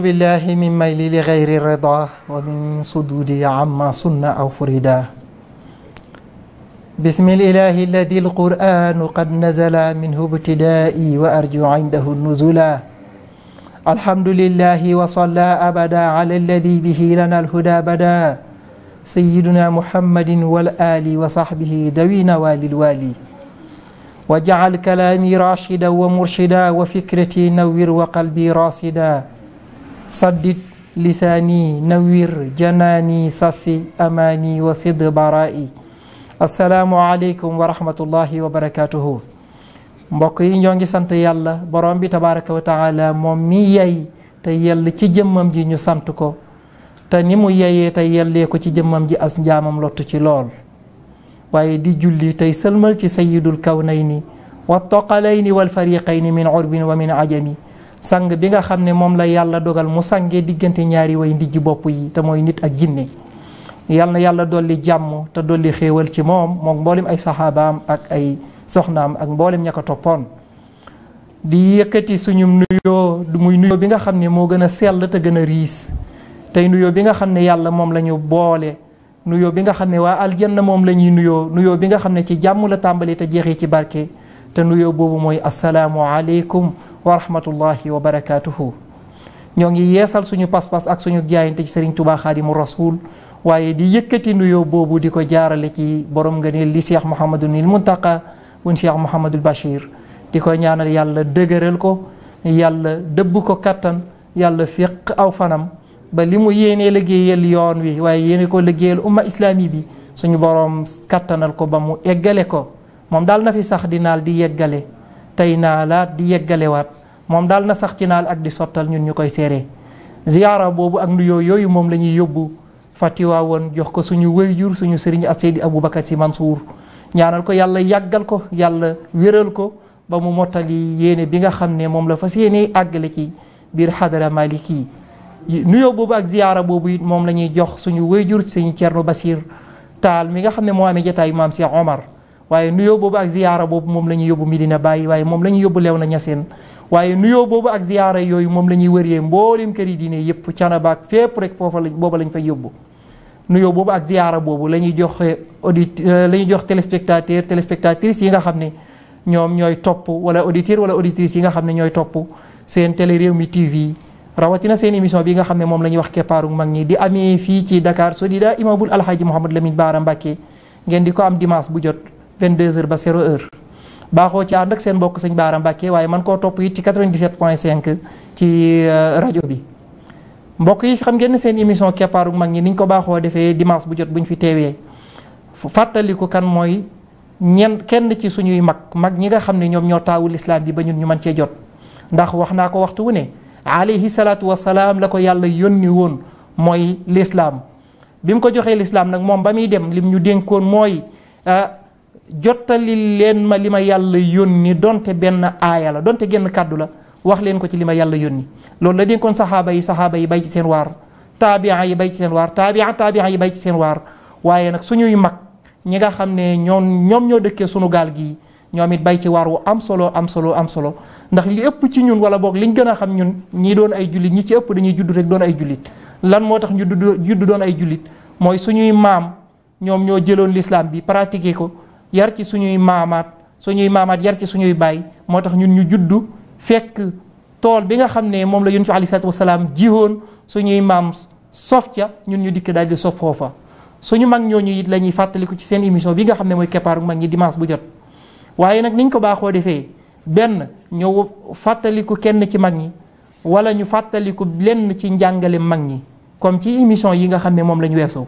أعوذ بالله من ميل لغير الرضا ومن صدودي عما سن أو فردا بسم الإله الذي القرآن قد نزل منه ابتدائي وأرجو عنده النزلا الحمد لله وصلى أبدا على الذي به لنا الهدى بدا سيدنا محمد والآل وصحبه دوين والي الوالي وجعل كلامي راشدا ومرشدا وفكرتي نور وقلبي راصدا saddid lisaani nawir janaani safi amaani wa sid baraai asalaamu aleykum wa rahmatullahi wa barakatuhu mbokk yi ñoo ngi sant yàlla borom bi tabaraka wa taala moom mi yay te yell ci jëmmam ji ñu sant ko te ni mu yeyee te yellee ko ci jëmmam ji as njaamam lottu ci lool waaye di julli tey sëlmal ci sayidul kawnayni wa toqalayni wal fariqayni min urbin wa min ajami sang bi nga xam ne moom la yàlla dogal mu sàngee diggante ñaari way ndijji bopp yi te mooy nit ak jinne yàlla na yàlla dolli jàmm te dolli xéewal ci moom moom mboolem ay saxaabaam ak ay soxnaam ak mboolem ña ko di yëkkati suñu nuyoo muy nuyoo bi nga xam ne moo gën a sell te gën a riis tey nuyoo bi nga xam ne yàlla moom la ñu boole nuyoo bi nga xam ne waa aljanna moom la ñuy nuyoo nuyoo bi nga xam ne ci jàmm la tàmbali te jeexee ci barke te nuyoo boobu mooy asalaamualeykum wa rahmatullahi wa barakaatuhu ñoo ngi yeesal suñu pas-pas ak suñu jaayante ci sëriñ Tuubaa Xaadimu Rasuul waaye di yëkkati nuyoo boobu di ko jaarale ci borom nga ne li Cheikh Mouhamadul Muntaqa bun Cheikh Mouhamadul Bachir di ko ñaanal yàlla dëgëral ko yàlla dëbb ko kattan yàlla fiq aw fanam ba li mu yéenee liggéeyal yoon wi waaye yéene ko liggéeyal umma islami bi suñu borom kattanal ko ba mu eggale ko moom daal na fi sax di naal di yeggale naa naalaat di yeggalewaat moom daal na sax ci naal ak di sottal ñun ñu koy seere ziyaara boobu ak nuyoo yooyu moom la ñuy yóbbu fatiwaa woon jox ko suñu wëyjur suñu sëriñ ak Seydi Aboubacar Sy Mansour ñaanal ko yàlla yàggal ko yàlla wéral ko ba mu mottali yéene bi nga xam ne moom la yéene àggale ci biir xadara maliki yi nuyoo boobu ak ziyaara boobu it moom la ñuy jox suñu wëyjur suñu Cerno Basir Taal mi nga xam ne moo amee jataayu maam Cheikh Omar waaye nuyoo boobu ak ziyaara boobu moom la ñuy yóbbu Medina Baye waaye moom la ñuy yóbbu Léona Niassène waaye nuyoo boobu ak ziyaara yooyu moom la ñuy wëree mbooleem kër yi diine yëpp Canaba ak fépp rek foofa lañ booba lañ fay yóbbu nuyoo boobu ak ziyaara boobu la ñuy jox audit euh, la ñuy jox téléspectateur téléspectatrices yi nga xam ne ñoom ñooy topp wala auditeur wala auditrices yi nga xam ne ñooy topp seen télé réew mi TV rawatina seen émission bi nga xam ne moom la ñuy wax keppaaru mag ñi di amee fii ci Dakar Sodida imaamul alhaji Mouhamed Lamine Baara Mbacke ngeen di ko am dimanche bu jot 22 ba 0 heure baaxoo ci ànd ak seen mbokk sëñ Baara Mbàkke waaye man koo topp it ci 97 point 5 ci euh, rajo bi mbokk yi xam ngeen seen émission keppaaru mag ñi niñ ko baaxoo defee dimanche bu jot ñu fi teewee fàttaliku kan mooy ñen kenn ci suñuy mag mag ñi nga xam ne ñoom ñoo taawul islam bi ba ñun ñu man cee jot ndax wax naa ko waxtu wu ne alayhi salaatu wasalaam la ko yàlla yónni woon mooy lislaam bi mu ko joxee lislaam nag moom ba muy dem lim jottali leen ma li ma yàlla yónni donte benn aaya la donte genn kàddu la wax leen ko ci li ma yàlla yónni loolu la dénkoon saxaaba yi saxaaba yi bay ci seen waar taabia yi bay ci seen waar taabia taabia yi bay ci seen waar waaye nag suñuy mag ñi nga xam ne ñoom ñoom ñoo dëkkee suñu gaal gii ñoom it bay ci waar wu am solo am solo am solo ndax li ëpp ci ñun wala boog liñ gën a xam ñun ñii doon ay jullit ñi ci ëpp dañuy juddu rek doon ay jullit lan moo tax ñu judd doon ay jullit mooy suñuy maam ñoom ñoo jëloon l'islam bi pratiqué ko yar ci suñuy maamaat suñuy maamaat yar ci suñuy baay moo tax ñun ñu juddu fekk tool bi nga xam ne moom la yonent bi aleyhi salaatu wasalaam jihoon suñuy maam sof ca ñun ñu dikk daal di foofa suñu mag ñooñu it la ñuy fàttaliku ci seen émission bi nga xam ne mooy keppaaru mag ñi dimanche bu jot waaye nag niñ ko baaxoo defee benn ñëw fàttaliku kenn ci mag ñi wala ñu fàttaliku lenn ci njàngale mag ñi comme ci émission yi nga xam ne moom la ñu weesoo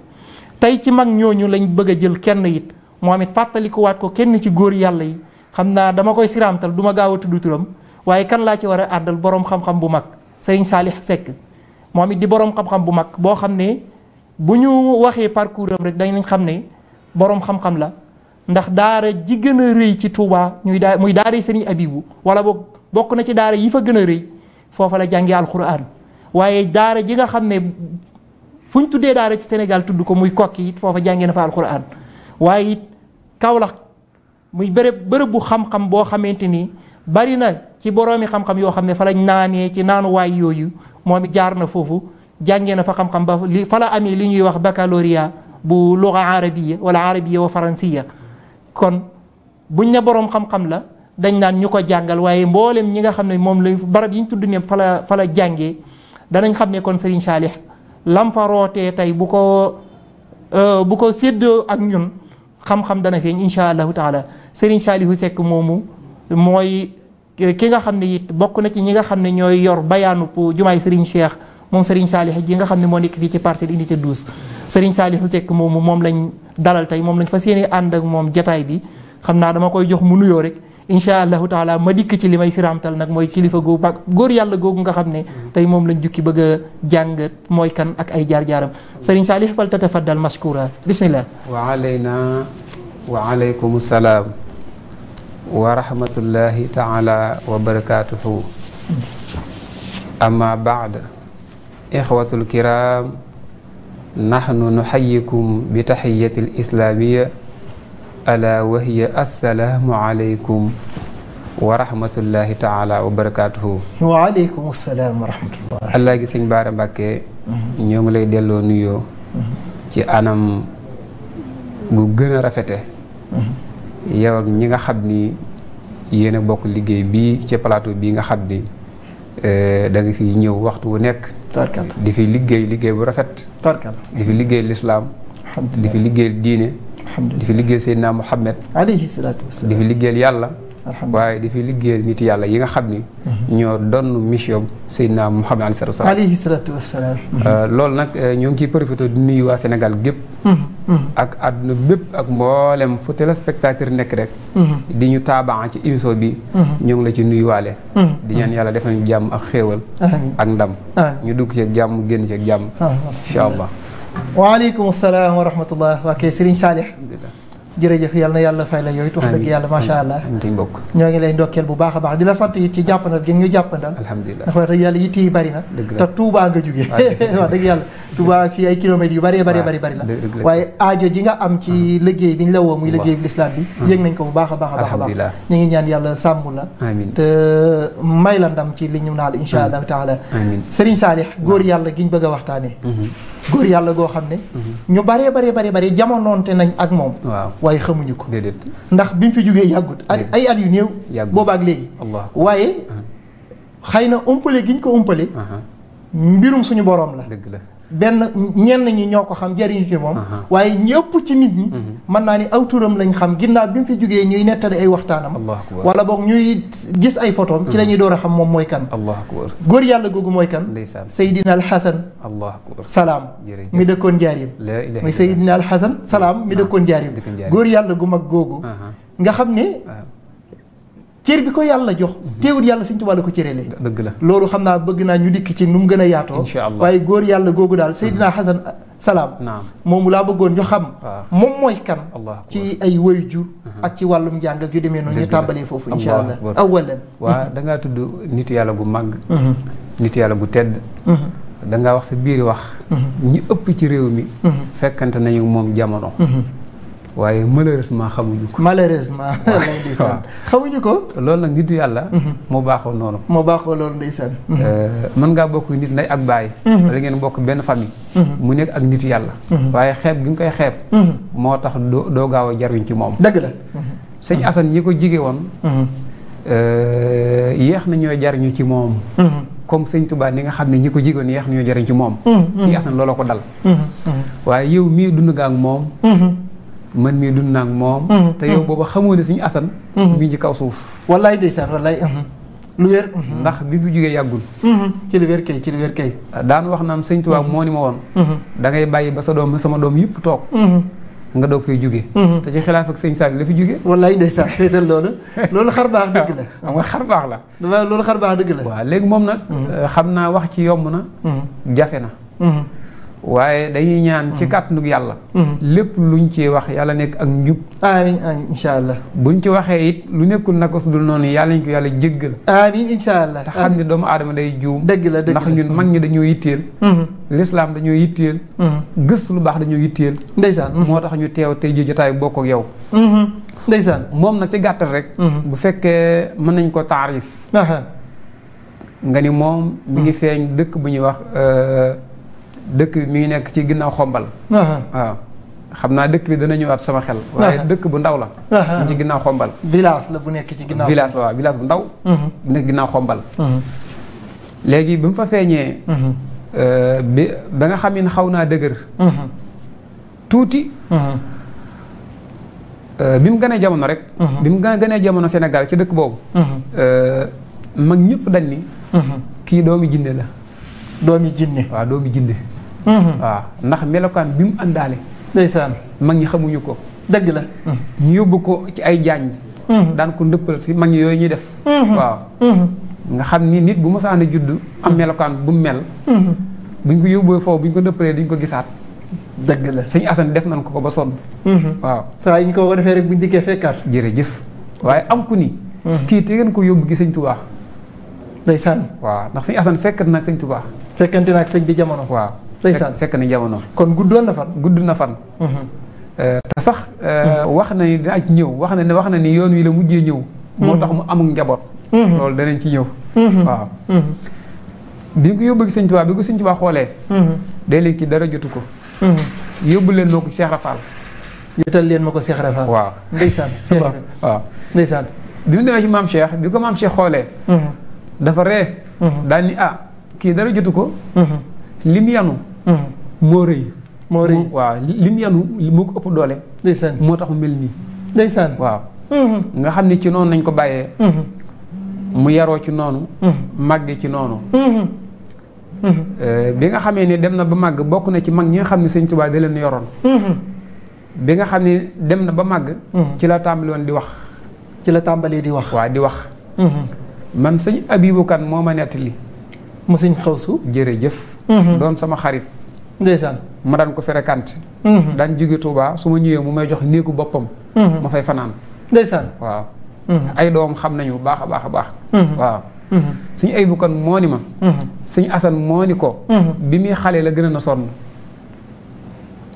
tey ci mag ñooñu lañ bëgg a jël kenn it moom it fàttalikuwaat ko kenn ci góor yàlla yi xam naa dama koy siraamtal duma ma gaaw a turam waaye kan laa ci war a àddal boroom xam-xam bu mag Serigne Salih sekk moom it di boroom xam-xam bu mag boo xam ne bu ñu waxee parcours am rek danañ xam ne boroom xam-xam la ndax daara ji gën a rëy ci tuubaa ñuy daa muy daara Serigne Abibu wala boog bokk na ci daara yi fa gën a rëy foofa la jàngee alquran waaye daara ji nga xam ne fu ñu tuddee daara ci tudd ko muy kokki it jàngee na fa alquran waaye Kaolack muy bërëb bërëb xam-xam boo xamante ni bari na ci boroomi xam-xam yoo xam ne fa lañ naanee ci naanuwaay yooyu moom i jaar na foofu jàngee na fa xam-xam ba li fa la amee li ñuy wax baccalauréat bu luga arabiya wala arabiya wa faransiya kon buñ ne boroom xam-xam la dañ naan ñu ko jàngal waaye mboolem ñi nga xam ne moom lañ barab yi ñu tudd ne fa la fa la jàngee danañ xam ne kon Serigne Saliou lam fa tey bu ko euh, bu ko séddoo ak ñun. xam-xam dana feeñ incha allahu taala Serigne Saliou sekk moomu mooy ki nga xam ne it bokk na ci ñi nga xam ne ñooy yor bayaanu pour jumaay Serigne Cheikh moom Serigne Saliou ji nga xam ne moo nekk fii ci parcelle unité 12. Serigne Saliou sekk moomu moom lañ dalal tey moom lañ fas yéene ànd ak moom jataay bi xam naa dama koy jox mu nuyoo rek. incha allahu taala ma dikk ci li may siramtal nag mooy kilifa gu mag góor yàlla googu nga xam ne tey moom lañ jukki bëgg a jàng mooy kan ak ay jaar-jaaram sëriñ Saalih fal tatafaddal mashkura bismillah wa alayna wa alaykum salaam wa rahmatullahi taala wa barakatuhu amma baad ixwatul kiram nahnu nuxayikum bi taxiyati l islaamiya alaa wa hiya assalaamu aleykum wa rahmatullahi wa barakaatuhu. waaleykum salaam wa rahmatullah. allah gi sëñ Baara Mbàkke. ñoo ngi lay delloo nuyoo. ci anam gu gën a rafete yow ñi nga xam ni yéen a bokk liggéey bi ci palaatu bii nga xam ni euh, da nga fi ñëw waxtu wu nekk. di fi liggéey liggéey bu rafet. di fi liggéey lislaam di fi liggéey diine. di fi liggéeyal Seydina Muhammad alayhi salaatu di fi liggéeyal yàlla waaye di fi liggéey nit yàlla yi nga xam ni mhm. ñoo donn mission Seydina Muhammad alayhi salaatu wasalaam euh, loolu nag euh, ñoo ngi ciy profité di nuyu waa Sénégal gépp mhm, mhm. ak àdduna bépp ak mboolem fu téléspectateur nekk rek di ñu taabaan ci émission bi ñoo ngi la ci nuyuwaale di ñaan yàlla def nañu jàmm ak xéewal ak ndam ñu dugg ci jàmm génn ci jàmm ah, ah. incha allah waaleykum salaam wa rahmatullah waa kay Serigne Saalix jërëjëf yal na yàlla fay la yow it wax dëgg yàlla macha allah ñoo ngi lay ndokkeel bu baax a baax di la sant it ci jàppandal gi ñu jàppandal alhamdulilah ndax wax dëgg yàlla yitt yi bari na te Touba nga jógee wax dëgg yàlla Touba ci ay kilomètres yu bari bari bari bari la waaye aajo ji nga am ci mm. liggéey bi ñu la woo muy liggéey bi lislaam bi mm. yëg nañ ko bu baax a baax a baax ñu ngi ñaan yàlla sàmm la te uh, may la ndam ci li ñu naal insha allah taala Serigne Saalix góor yàlla gi ñu bëgg a waxtaanee mm-hmm. góor yàlla goo xam ne. Mhm. ñu baree baree baree baree jamonoonte nañ ak moom. waaye xamuñu ko. déedéet ndax bi mu fi jógee yàggut. ay at yu néew. yàggut ak léegi. waaye mhm. xëy na umpale gi ñu ko umpale. Mhm. mbirum suñu borom la. dëgg la benn ñenn ñi ñoo ko xam jariñu ci moom waaye ñëpp ci nit ñi mhm. mën naa ni aw turam lañ xam ginnaaw bi mu fi jógee ñuy nettali ay waxtaanam wala boog ñuy gis ay photoom ci la mhm. ñuy door a xam moom mooy kan allah akbar góor yàlla googu mooy kan Seydina Al Hasan allah akbar salaam mi dëkkoon jaarim mooy Seydina Al Hasan salaam mi ah, dëkkoon jaarim góor yàlla gu mag googu nga xam ni cër bi ko yàlla jox mhm. teewul yàlla sëñ Tuubaa la ko cërelee dëgg la loolu xam naa bëgg naa ñu dikk ci nu mu gën a yaatoo waaye góor yàlla googu daal Seydina mhm. Xasan Salaam moom laa bëggoon ñu xam moom mooy kan ci ay way jur mhm. ak ci wàllum njàng ak yu demee noonu ñu tàmbalee foofu insha allah awalan waa da ngaa tudd nit yàlla gu màgg nit yàlla gu tedd da ngaa wax sa biir wax ñi ëpp ci réew mi fekkante nañu moom jamono waaye malheureusement xamuñu ko. malheureusement. waaw xamuñu ko. loolu nag nit yàlla. mu mhm. baaxoo noonu. moo baaxoo loolu ndeysaan. Mhm. Euh, mën ngaa bokk nit nday ak baay. Mhm. wala ngeen bokk benn famille. mu nekk ak nit yàlla. waaye xeeb gi nga koy xeeb. moo tax doo doo gaaw a jaruñ ci moom. dëgg la. sëñ Assane euh, ñi ko jige woon. yéex na ñoo jariñu ci moom. comme sëñ Touba ni nga xam ne ñi ko jigoon yéex na ñoo jariñ ci moom. sëñ ko dal. waaye yow mii dund nga ak moom. man mii dund naa ak moom. Mm-hmm. te yow mm-hmm. booba xamoo ne suñu asan. Mm-hmm. mi ngi ci kaw suuf. wallaay ndeysaan wallaay. lu wér. ndax bi fi jugee yàggul. ci lu wér kay daan wax naan sëñ Tuubaa moo ni ma woon. da ngay bàyyi ba sa doom sama doom yëpp toog. nga doog fay jugee. te ci xilaaf ak sëñ Sall la fi jugee. wallaay ndeysaan seetal loolu. loolu xar baax dëgg la. xam nga xar baax la. dafa loolu xar baax dëgg la. waaw léegi moom nag. xam naa wax ci yomb na. jafe na. waaye dañuy ñaan ci mm-hmm. kàttanug yàlla mm-hmm. lépp luñ ci wax yàlla nekk ak njub amiin amiin incha ci waxee it lu nekkul naka su dul noonu yàlla ñu ko yàlla jéggal amiin incha allah te xam ne doomu aadama day juum dëgg la dëgg la ndax ñun mag ñi dañoo yitteel mm-hmm. lislaam dañoo yitteel gëstu lu baax dañoo yitteel ndeysaan moo tax ñu teew tey ji jotaay bokk ak yow ndeysaan moom nag ci gàttal rek bu fekkee mën nañ ko taarif nga ni moom mi ngi feeñ dëkk bu ñuy wax euh, dëkk bi mi ngi nekk ci ginnaaw xombal waaw xam naa dëkk bi dana ñëwaat sama xel waaye dëkk bu ndaw la ñu ginnaaw xombal village la bu nekk ci ginnaaw village bu ndaw bu nekk ginnaaw xombal léegi bi mu fa feeñee euh, bi ba nga xam ne xaw naa dëgër tuuti euh, bi mu gënee jamono rek bi mu gënee jamono senegal ci dëkk boobu euh, mag ñëpp dañ ni kii doomi jinne la doomi jinne waaw doomi jinne waaw mm-hmm. ah, ndax melokaan bi mu àndaale. ndeysaan mag ñi xamuñu ko. dëgg la. Mm-hmm. ñu yóbbu ko ci ay jaañ. Mm-hmm. daan ko ndëppal si mag ñi yooyu ñuy def. waaw nga xam ni nit bu mosaan a judd am melokaan bu mu mel. buñ ko yóbboo bu buñ ko ndëppalee dañ ko gisaat. dëgg la sëñ Assane def nañ ko ko ba sonn. waaw saa yi ñu ko defee rek buñ dikkee fekkaat. jëf waaye am ku nii kii te ko yóbbu gi sëñ Tuubaa. ndeysaan waaw ndax sëñ Assane fekkat na ak sëñ Tuubaa. fekkante na sëñ bi jamono. waaw ndeysaan fekk na jamono. kon guddoon na fan. gudd na fan. Mhm. Euh, te sax. Euh, mhm. wax na ni daa ñëw wax na ne wax na ni yoon wi la mujjee ñëw. Mhm. moo tax mu amuk njaboot. loolu danañ ci ñëw. waaw. bi ko yóbbu gi sëñ Tuubaa bi ko sëñ Tuubaa xoolee. day leen kii dara jotu ko. yóbbu leen ma ko Cheikh Rafaal. jotal leen ma ko Cheikh Rafaal. waaw ndeysaan. waaw ndeysaan. bi mu demee ci maam Cheikh bi ko maam Cheikh xoolee. dafa ree. daal ni ah kii dara jotu ko. lim yanu. moo rëy. moo rëy waaw li mu yanu moo ko ëpp doole. ndeysaan moo tax mu mel nii. ndeysaan waaw. nga xam ne ci noonu nañ ko bàyyee. mu yaroo ci noonu. màggee ci noonu. Eh, bi nga xamee ne dem na ba màgg bokk na ci mag ñi nga xam ne sëñ Tuubaa da leen yoroon. bi nga xam ne dem na ba màgg. ci la tàmbali di wax. ci la tàmbalee di wax. waaw di wax. man sëñ Abibu Kan moo ma nettali. mu sëñ xawsu jëf mhm. doon sama xarit ndeysaan ma daan ko fréquenté mhm. daan jóge Touba su ma ñëwee mu may jox néegu boppam mhm. ma fay fanaan ndeysaan waaw ay doom xam nañu baax a baax a baax waaw suñu ay bukkan moo ni ma suñu asan moo ni ko bi muy xale la gën na sonn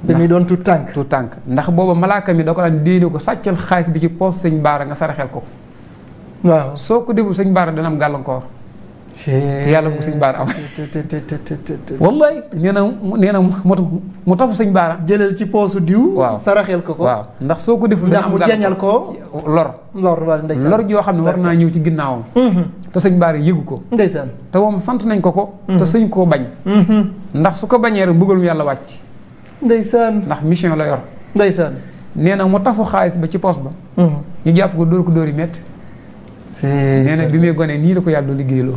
bi doon tuut tànk tuut tànk ndax booba malaaka mi da ko daan déene ko sàccal xaalis bi ci poos sañ baara nga saraxel ko waaw soo ko déglu sañ baara dana gàllankoor yàlla mu sëñ baara am wallaay nee na nee na mu tafu sëñ baara jëlal ci poosu diw waaw saraxel ko ko waaw ndax soo ko deful ndax mu jañal ko lor lor wala ndeysaan lor joo xam ne war naa ñëw ci ginnaawam mm-hmm. te sëñ baara yëgu ko ndeysaan te moom sant nañ ko ko te mm-hmm. sëñ koo bañ mm-hmm. ndax su ko bañee rek mbugalum yàlla wàcc ndeysaan ndax mission la yor ndeysaan na mu tafu xaalis ba ci poos ba ñu jàpp ko dóor ko dóor yi métti nee na bi muy gone nii la ko yàlla liggéeyloo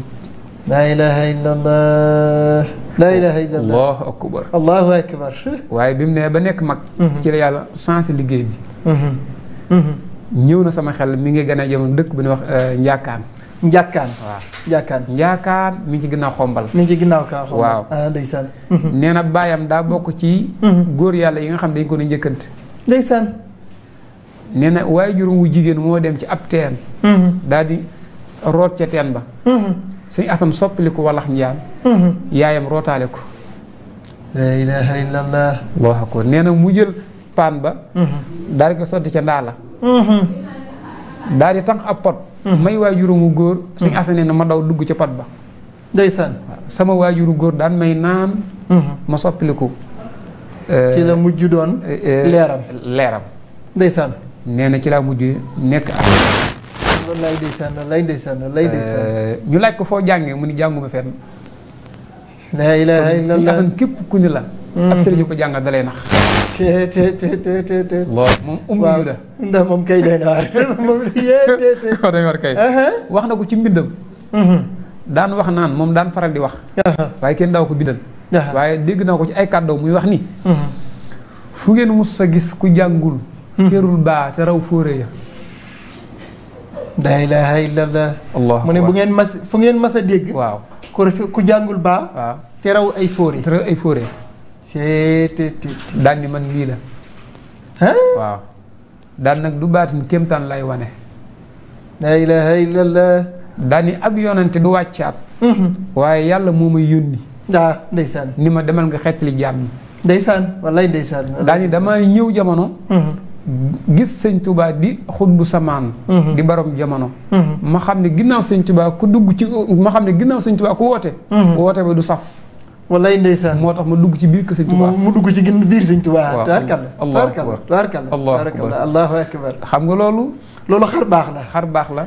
laa ilaha illallah laa ilaha illallah allahu akbar allahu akbar waaye bi mu nee ba nekk mag mhm. ci la yàlla changé liggéey bi mhm. Mhm. ñëw na sama xel mi ngi gën a jëm dëkk bu ñuy wax euh, njàkkaan njàkkaan waaw njàkkaan njàkkaan mi ngi ci ginnaaw xombal mi ngi ci ginnaaw kaa xombal waaw ah, ndeysaan nee na baayam daa bokk ci góor yàlla yi nga xam dañ ko na njëkkante ndeysaan nee na waaye juróom wu jigéen moo dem ci ab teen daal di root ca teen ba suñu asan soppiliku walax mhm. yaayam rootaale ko la ilaha mu jël paan ba mhm. daal di ko sotti ca ndaa la mhm. daal di tànq ab pot may waajuru góor suñu asan nee ma daw dugg ca pot ba ndeysaan sama waajuru góor daan may naan ma soppiliku euh, ci la mujj doon euh, euh, leeram leeram ndeysaan nee na ci laa mujj nekk ak wallaay ndeysaan wallaay ndeysaan wallaay ndeysaan eh, ñu laaj ko foo jànge mu ni jànguma fenn. la ilaha illallah kon képp ku ni la. ak mm-hmm. sëriñ ko jàngal da lay nax. te te te moom ummi la ndax moom kay na kay. wax na ko ci mbindam. Mm-hmm. daan wax naan moom daan faral di wax. waaye kenn daaw ko bindal. waaye dégg naa ko ci ay kàddaw muy wax ni. Mm-hmm. fu ngeen mus a gis ku jàngul. ferul baa te raw fóore la ilaha illallah allah mu ne bu ngeen mas fu ngeen mas a dégg waaw ku rafet jàngul baa terewu te raw ay fóore te raw ay daan ni man lii la waaw daan nag du baatin kéemtaan lay wane la ilaha illallah daan ni ab yonante du wàccaat mm-hmm. waaye yàlla moo may yónni waaw ah, ndeysaan ni ma demal nga xettali jaam ñi ndeysaan wallaay ndeysaan daan ni damay ñëw jamono mm-hmm. gis sëñ Touba di xutbu samaan mhm. di borom jamono mhm. ma xam ne ginnaaw sëñ tubaa ku dugg ci ma xam ne ginnaaw sëñ Touba ku woote mhm. woote ba du saf wallaay ndeysaan moo tax ma dugg ci biir kër sëñ Touba mu dugg ci gin biir sëñ Touba tabarkalla tabarkalla tabarkalla tabarkalla allahu akbar xam nga loolu loolu xar baax la xar baax la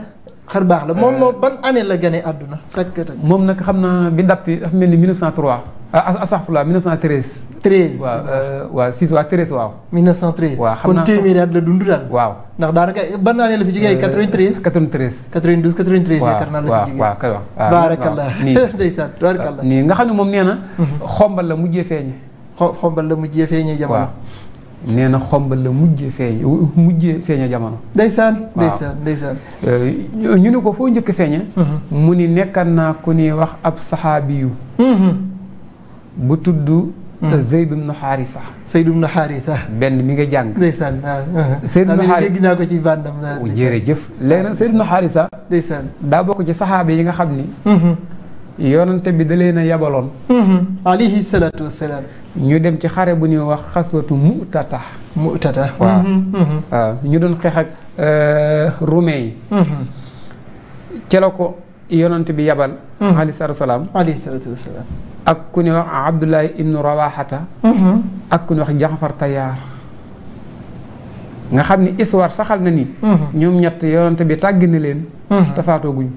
xar baax la moom euh, moo ban année la gane àdduna takk takk moom nag xam naa bi datti dafa mel ni 1903 ah astaghfirullah 1913. 13 waaw euh, waaw 6 waaw 13 waaw. 1913 waaw xam naa kon téeméeri at la dund daal. waaw ndax daanaka ban année la fi jógee 93. 93 92 93. yaakaar naa la fi jógee waaw waaw nii nga xam ne moom nee na. Mhm. xombal la mujjee feeñe. xo xombal la mujjee feeñe jamono. waaw nee na xombal la mujjee feeñe mujjee feeñe jamono. ndeysaan ndeysaan ndeysaan. Euh, ñu ne ko foo njëkk feeñe. Mhm. mu ni nekkan naa ku ni wax ab saxaabi yu. Mhm. bu tudd hmm. Zeyd ibn Xaarisa Zeyd ibn Xaarisa benn mi nga jàng ndeysaan Zeyd ibn Xaarisa dégg naa ko ci bandam oh, na jërëjëf léegi nag Zeyd ibn Xaarisa ndeysaan daa bokk ci saxaaba yi nga xam ni mm-hmm. yonante bi da leen a yabaloon mm-hmm. alayhi ñu dem ci xare bu ñuy wax xaswatu mutata mutata waaw mm-hmm. waaw ñu doon xeex ak euh, roumain yi ci la ko yonante bi yabal alayhi salaatu ak ku ne wax Abdullahi ibnu Rawaxata mm-hmm. ak ku ne wax Jaxfar Tayaar nga xam ni histoire saxal na ni mm-hmm. ñoom ñett yonante bi tàgg na leen mm-hmm. te faatooguñ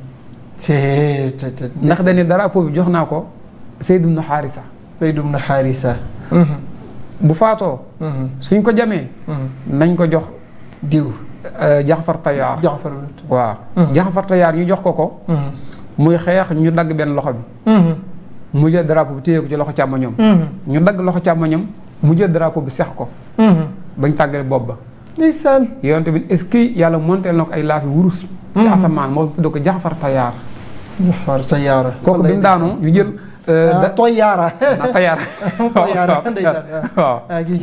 ndax dañu dara po bi jox naa ko Seyd ibnu Xaarisa Seyd ibnu Xaarisa bu faatoo suñ ko jamee nañ ko jox diw euh, Jaxfar Tayaar waaw Jaxfar Tayaar ñu jox ko ko muy xeex ñu dagg benn loxo bi mu jël drapeau bi téye ko ci loxo càmmoñam. Mm-hmm. ñu dagg loxo càmmoñam mu jël drapeau bi sex ko. Mm-hmm. bañ tàggale bopp ba. ndeysaan yoon tamit est-ce que yàlla monteel na ko ay laafi wurus. ci mm-hmm. asamaan moo tudd ko jaxfar tayaar. tayaara kooku bi mu daanoo ñu jël. toyaara ah, euh, tayaara. Ah, toyaara ndeysaan waaw ah, gi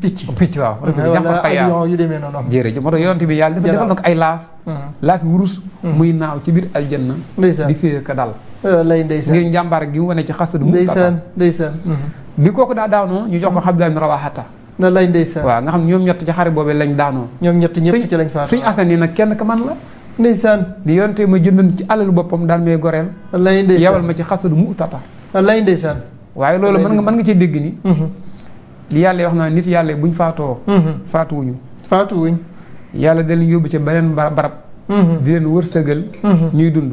picc. Oh, picc waaw wala avion yu demee noonu. jërëjëf moo tax yonent bi yàlla dafa defal na ko ay laaf. Mm-hmm. laafi wurus. Mm-hmm. muy naaw ci biir aljanna. di fee ka dal. lay ndeysaan ngir njàmbaar gi mu wane ci xas. ndeysaan ndeysaan mm-hmm. bi kooku daa daanoo ñu jox ko Abdoulaye Rawaxata. lay ndeysaan waaw nga xam ñoom ñett ci xare boobee lañ daanoo. ñoom ñett ñëpp ci lañ faa. suñu nii nag kenn ka man la. ndeysaan di yonte ma jëndoon ci alalu boppam daal may goreel wallaay ndeysaan yabal ma ci xasadu mu tatar wallaay ndeysaan waaye loolu mën nga mën nga cee dégg ni mm-hmm. li yàlla wax naa nit yàlla buñ faatoo mm-hmm. faatuwuñu faatuwuñ yàlla da leen yóbbu ca beneen barab mm-hmm. di leen wërsëgal ñuy dund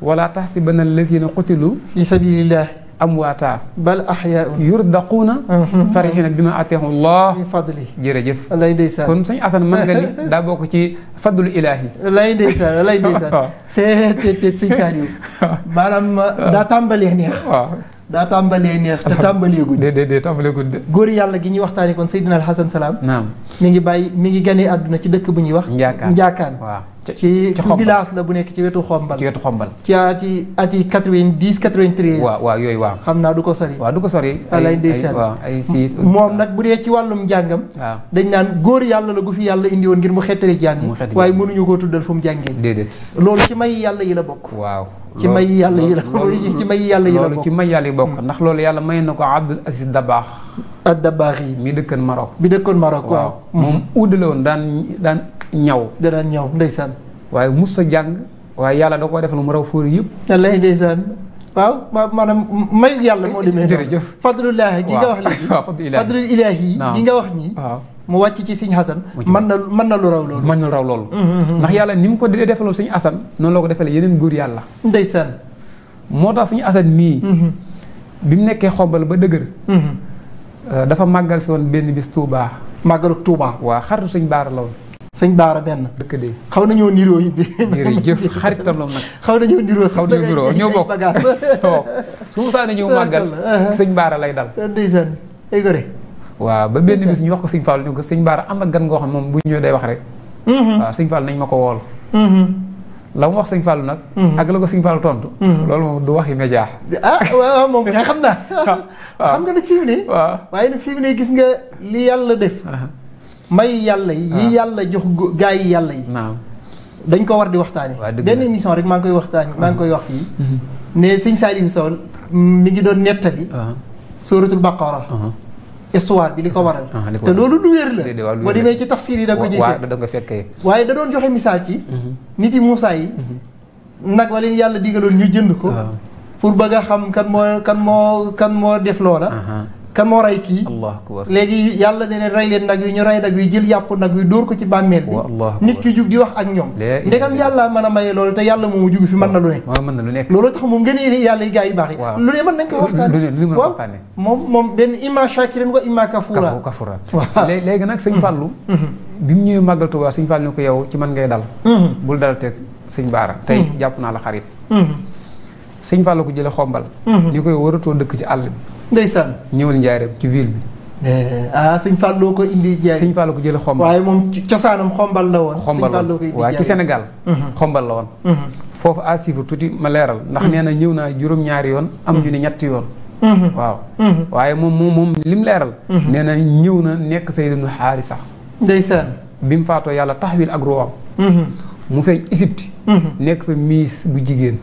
wala tax si beneen lasiina qutilu fi sabilillah amwaata bal ahyaun yurdaquuna mhm. farihina bi ma ataahu allah min fadli jërëjëf lay ndeysaan kon sëñ Assane mën nga ni daa bokk ci fadlu ilaahi lay ndeysaan lay ndeysaan seet sëñ daa tàmbalee neex waaw daa tàmbalee neex te tàmbalee guñ déedéet tàmbalee góor yàlla gi ñuy waxtaanee kon Seydina Al Hasan Salaam naam mi ngi bàyyi mi ngi ganee àdduna ci dëkk bu ñuy wax njaakaan waaw ci village la bu nekk ci wetu xombal ci wetu xombal ci ati ati quatre-vingt-dix quatre-vingt-treize waaw yooyu waa xam naa du ko sori waaw du ko sori alay ndeysaan moom nag bu dee ci wàllum njàngam waaw dañ naan góor yàlla la gu fi yàlla indi woon ngir mu xettali jàng waaye mënuñu koo tuddal fu mu jàngee déedéet loolu ci may yàlla yi la bokk waaw ci may yàlla yi la ci may yàlla yi la bokk ci may yàlla yi bokk ndax loolu yàlla may na ko Abdul Aziz Dabaax ak Dabaax yi mi dëkkan Maroc bi dëkkoon Maroc waaw moom mhm. uud la woon daan daan ñaw da daan ñaw ndeysaan waaye musta jàng waaye yàlla da koo defal mu raw fóori yëpp lay ndeysaan waaw maanaam mayu yàlla moo demee jërëjëf fadlullahi gi nga wax léegi waaw fadlu ilaahi gi nga wax nii waaw mu wàcc ci sëñ Hasan mën na mën na lu raw loolu mën na lu mm-hmm, mm-hmm. ndax yàlla ni mu ko dee defaloon sëñ Asan noon la ko defalee yeneen góor yàlla ndeysaan moo tax sëñ Asan mii mm-hmm. bi mu nekkee xombal ba dëgër euh, dafa màggal si woon benn bis Touba. màggalu Touba. waa xaritu sëñ Baara la woon sëñ Baara dëkk de xaw nañoo niroo yi bi jërëjëf xaritam la nag xaw nañoo niroo xaw nañoo niroo ñoo bokk bagage su mu saa ne ñëw màggal sëñ Baara lay dal ndeysaan ay gore waaw ba benn bis ko sëñ Fall ne ko sëñ Baara am gan ngoo xam bu ñëwee day wax rek. Mm-hmm. waaw sëñ ko wool. Mm-hmm. la wax sëñ Fall nag. Mm-hmm. ak ko sëñ Fall tontu. wax yi média. ah waaw moom waaye nag fii gis nga li yàlla def. yàlla yàlla jox gaa yi yàlla yi. dañ ko war di waxtaanee. benn émission rek maa ngi koy waxtaani maa ngi koy wax fii. ne sëñ Saliou Sow mm, mi ngi doon nettali. suratul Baqara. histoire bi li ko waral. Ah, te loolu lu wér la. boo demee ci tafsir yi da nga ko jékkee fekkee. waaye da doon joxe misaal ci. Mhm. nit yi Moussa yi. Mhm. nag wala yàlla digaloon ñu jënd ko. Ah. pour bëgg a xam kan moo kan moo kan moo def loola. kan moo rey kii léegi yàlla ne leen rey leen nag wi ñu rey nag wi jël yàpp nag wi dóor ko ci bàmmeel bi nit ki jug di wax ak ñoom ndegam yàlla mën a maye loolu te yàlla moom ko waxtaane moom benn imma shakirin wa imma kafura léegi nag sëñ mm-hmm. Fallou mm-hmm. bi mu màggal Tuubaa sëñ Fallou ni ko yow ci man ngay dal mm-hmm. bul dal teg sëñ Baara tey jàpp naa la xarit sëñ Fallou ko jële xombal ni koy waratoo dëkk ci àll bi ndeysaan ñëwal njaareem ci ville bi. Eh, ah sëñ Fallou ko indi jaay sëñ Fallou ko jële xombal waaye moom cosaanam xombal la woon xombal la woon waaye ci Sénégal mhm. xombal la woon mhm. foofu à suivre tuuti ma leeral ndax mhm. nee na ñëw naa juróom-ñaari yoon am ñu ne ñetti yoon waaw waaye na ñëw na nekk Sayd ibn Haarisa bi mu faatoo yàlla taxawil ak ruwaam mu feeñ Égypte nekk fa miis bu jigéen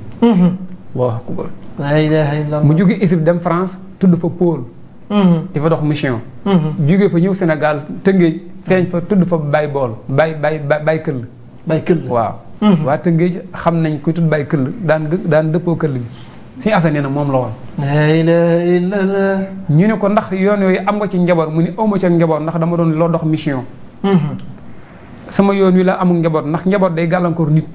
mu jóge Égypte dem France tudd fa Paul. Mm-hmm. di fa dox mission. Mm-hmm. jóge fa ñëw Sénégal Tëngéej feeñ fa tudd fa Baye Bool Baye Baye Baye Këll. Baye Këll waaw. Mm-hmm. waa Tëngéej xam nañ kuy tudd Baye Këll daan daan dëppoo Këll bi suñu Asan nee na moom la woon. ñu ne ko ndax yoon yooyu am nga ci njaboot mu ni aw ma ca njaboot ndax dama doon loo dox mission. sama yoon wi la amul njaboot ndax njaboot day gàllankoor nit.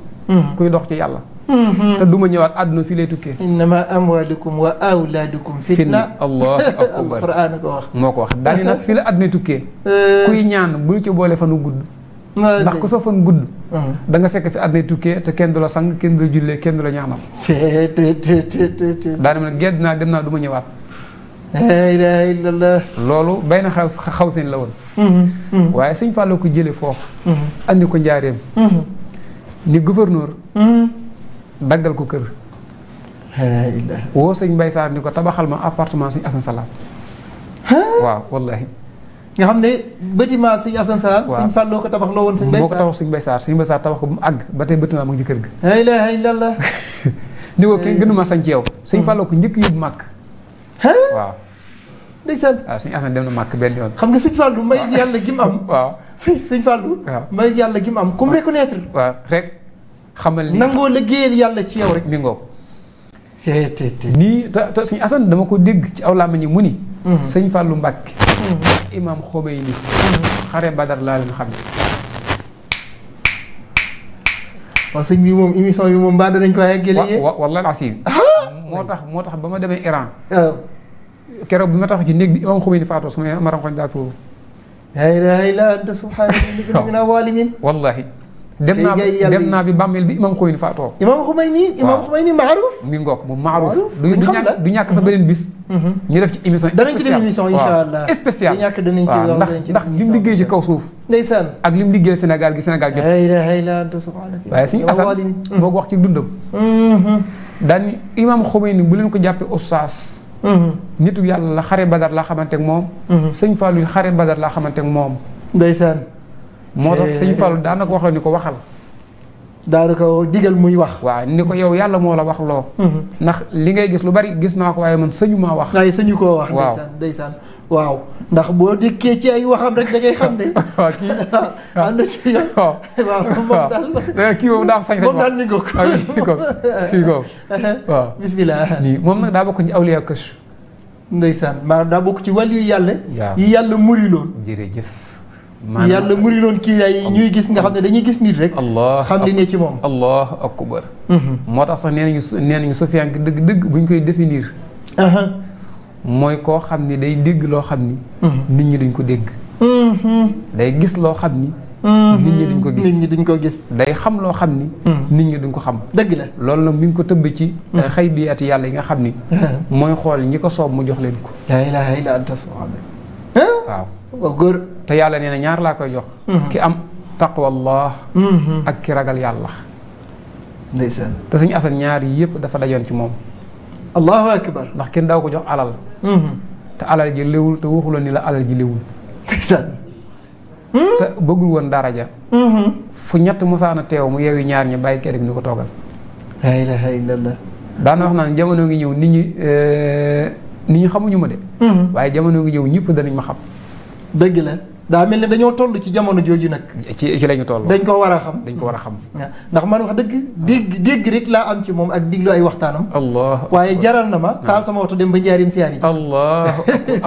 kuy dox ci yàlla. Mm-hmm. te du ma ñëwaat àdduna fii lay tukkee. innama amwaalukum wa awlaadukum fitna. allahu akbar alquran ko wax. moo ko wax daani nag fii la àdduna tukkee. Euh. kuy ñaan bul ci boole fanu gudd. ndax ku sa fan gudd. Mm-hmm. da nga fekk fi àdduna tukkee te kenn du la sang kenn du la jullee kenn du la ñaanal. daani ma ne gedd naa dem naa du ma ñawaat la ilaha loolu bay na xaw xaw seen la woon. Mm-hmm. waaye sëñ Fallou ko jëlee foofu. andi njaareem. ni gouverneur. daggal ko kër woo sëñ Mbay Saar ni ko tabaxal ma appartement sëñ Asan Salaam waaw wallahi nga xam ne bâtiment sëñ Asan Salaam sëñ Falloo ko tabax loo woon sëñ Mbay Saar moo ko tabax sëñ Mbay Saar sëñ Mbay Saar ko ba mu àgg ba tey bâtiment kër la ilaha illallah ni ko kenn gënuma sañ hmm. sëñ Falloo ko njëkk yóbbu màkk waaw ndeysaan waaw sëñ màkk benn yoon xam nga sëñ Fallou mbay yàlla gi mu am sëñ Fallou waaw mbay mu am comme reconnaître xamal ni nangoo liggéeyal yàlla ci yow rek mi ngoog nii eh, te te asan dama ko dégg ci aw làmmiñ mu ni mm-hmm. sëñ Fallou Mbacke mm-hmm. imaam xobay ni mm-hmm. xare badar laa leen xam ne sëñ bi moom émission moom mbaa ko ah! moo tax moo tax ba ma demee Iran keroog bi ma tax ci néeg bi imaam xobay faatoo sama maram xoñ daa tuuru laa ilaaha illa anta subhaanaka inni kuntu minaz wallahi dem naa dem naa bi bàmmeel bi imam Khomeini faatoo. imam Khomeini imam Khomeini maaruf. mi ngoog moom maaruf. du ñàkk du ñàkk sa beneen bis. Mhm. ñu def ci émission spéciale danañ ci def émission incha allah spéciale waaw ndax ndax lim liggéey ci kaw suuf. ndeysaan ak lim liggéey Sénégal gi Sénégal jot. waaye suñu Assane boo ko wax ci dundam. Mhm. daan ni imam Khomeini bu leen ko jàppee oustaz. Mhm. nitu yàlla la xare badar laa xamante ak moom. sëñ Fallou xare badar laa xamante ak moom. ndeysaan moo eh. sëñ Fallou daanaka wax la ko waxal. daanaka digal muy wax. waaw ni yow yàlla moo la wax loo. Mm-hmm. li ngay gis lu bari gis naa ko waaye man sëñu maa wax. waaye sëñu koo wax. waaw ndeysaan ndax boo dikkee ci ay waxam rek moom eh, sañ sañ wax moom daal mi ngoog. fii ah, ko waaw. bisimilah. nag daa bokk ci awliya kës. ndeysaan maanaam daa bokk ci wàllu yu yàlla. yi yàlla muri lool. yàlla muri loon kii yaay ñuy gis nga xam ne dañuy gis nit rek. allah xam li ne ci moom. allah akbar. Mhm. moo tax sax nee nañu su nee nañu dëgg dëgg buñ koy définir. mooy koo xam ni day dégg loo xam ni. Mhm. nit ñi dañ ko dégg. Mhm. day gis loo xam ni. nit ñi duñ ko gis nit ñi duñ gis. day xam loo xam ni. nit ñi duñ ko xam. dëgg la loolu nag mi ngi ko tëbb ci. Eh, xëy bi at yàlla yi nga xam ni. mooy xool ñi ko soob mu jox leen ko. la ilaha illa anta waaw. waaw góor te yàlla nee na ñaar laa koy jox. Mhm. ki am taqwallah mhm. ak ki ragal yàlla. ndeysaan te suñu asan ñaar yi yëpp dafa dajoon ci moom. allahu akbar ndax kenn daaw ko jox alal. Mhm. te alal ji léwul te waxuloon ni la alal ji léwul. te hmm? bëggul woon daraja. fu ñett a teew mu yeewi ñaar ñi bàyyi kër gi ni ko toogal. la ilaha wax naan jamono ngi ñëw nit ñi eh, nit ñi xamuñu ma de. waaye jamono ngi ñëw ñëpp danañ ma xam. dëgg la daa mel ne dañoo toll ci jamono jooju nag. ci la ñu toll. dañ ko war a xam dañ ko war a xam. ndax man wax dëgg dégg dégg rek laa am ci moom ak diglu ay waxtaanam. allah waaye jaral na ma. taal sama oto dem ba njaarim siyaari. allah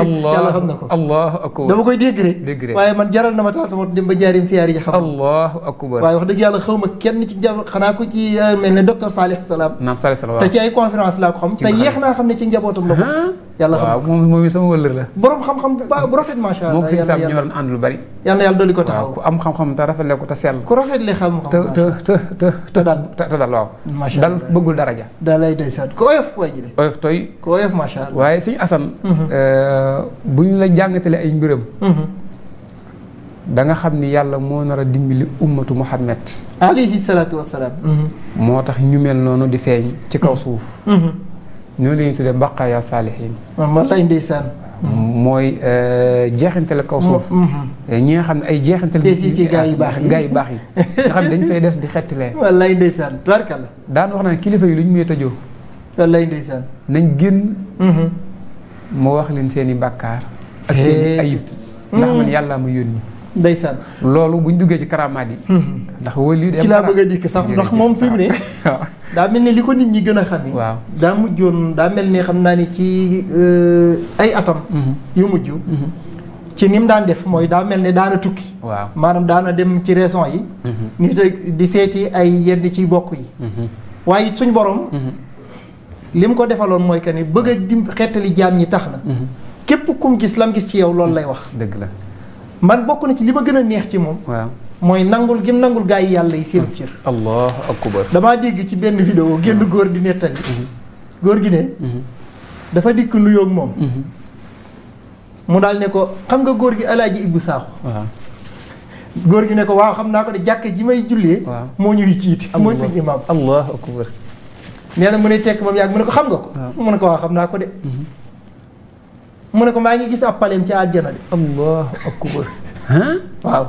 allah yàlla xam na ko. allah akbar dama koy dégg rek. dégg rek waaye man jaral na ma taal sama oto dem ba njaarim siyaari ji xam. allah akbar waaye wax dëgg yàlla xaw ma kenn ci njaboot xanaa ko ci eh, mel ne docteur Salih Salam. naam Salih Salam te ci laa ko xam. te yéex naa xam ne ci njabootam la yàlla xam waaw moom moom sama wëllër la. borom xam-xam bu baax bu rafet macha allah. yàlla yàlla moom ñoo doon ànd lu bari. yàlla yàlla dolli ko taxaw ku am xam-xam te rafetle ko te sell. ku rafetle xam-xam te te dal te dal dal bëggul daraja. da lay ndeysaan ku oyof waay ji de. oyof tooy. ku oyof macha allah waaye suñu asan. Mhm. Euh, bu ñu la jàngatalee ay mbiram. Mhm. danga nga xam ni yàlla moo nar a dimbali ummatu Muhammad. alayhi salaatu wa mhm. moo tax ñu mel noonu di feeñ ci kaw suuf. ñooñu la ñuy tuddee baqaaya saalihiin. man lay ndeysaan. mooy euh, jeexintal kaw suuf. Mhm. ñi nga xam ne ay jeexintal. des ci gaa yu baax yi baax yi. nga xam ne dañu fay des di xettilee. wallaay ndeysaan tubaarkalla. daan wax naa kilifa yi lu ñu may tëjoo. wallaay ndeysaan. nañ génn. Mhm. mu wax leen seen i bàkkaar. ak seen i ayib ndax man mhm. yàllaa ma yónni. ndeysaan loolu buñ duggee ci karaamaat yi hmm. ndax wali ci laa bëgg a dikk sax ndax moom fi daa mel ni li ko nit ñi gën a xamee waaw daa mujjoon daa mel ni xam naa ni ci euh, ay atam hmm. yu mujj hmm. ci ni mu daan def mooy daa mel ne daana tukki waaw maanaam daana dem ci raison yi nit di seeti ay yenn ci bokk yi waaye suñ boroom li mu ko defaloon mooy que ni bëgg a dim xettali jaam ñi tax na képp kum gis lam gis ci yow loolu lay wax dëgg la man bokk na ci li ma gën a neex ci moom. waaw mooy nangul gim nangul gaa yi yàlla yi seen hmm. cër. allah akbar damaa dégg ci benn vidéo génn hmm. góor di nettali. Hmm. góor gi ne. dafa dikk nuyoo ak moom. mu daal ne ko xam nga góor gi alaaji Ibbu Saaxu. góor gi ne ko waaw xam naa ko de jàkk ji may jullee. moo ñuy jiit mooy suñu imaam allah akbar nee na mu ne tekk moom mu yàgg mu ne ko xam nga ko. mu ne ko waaw xam naa ko de. mu ne ko maa ngi gis ab paleem ci àjjana de. allahu akbar. waaw.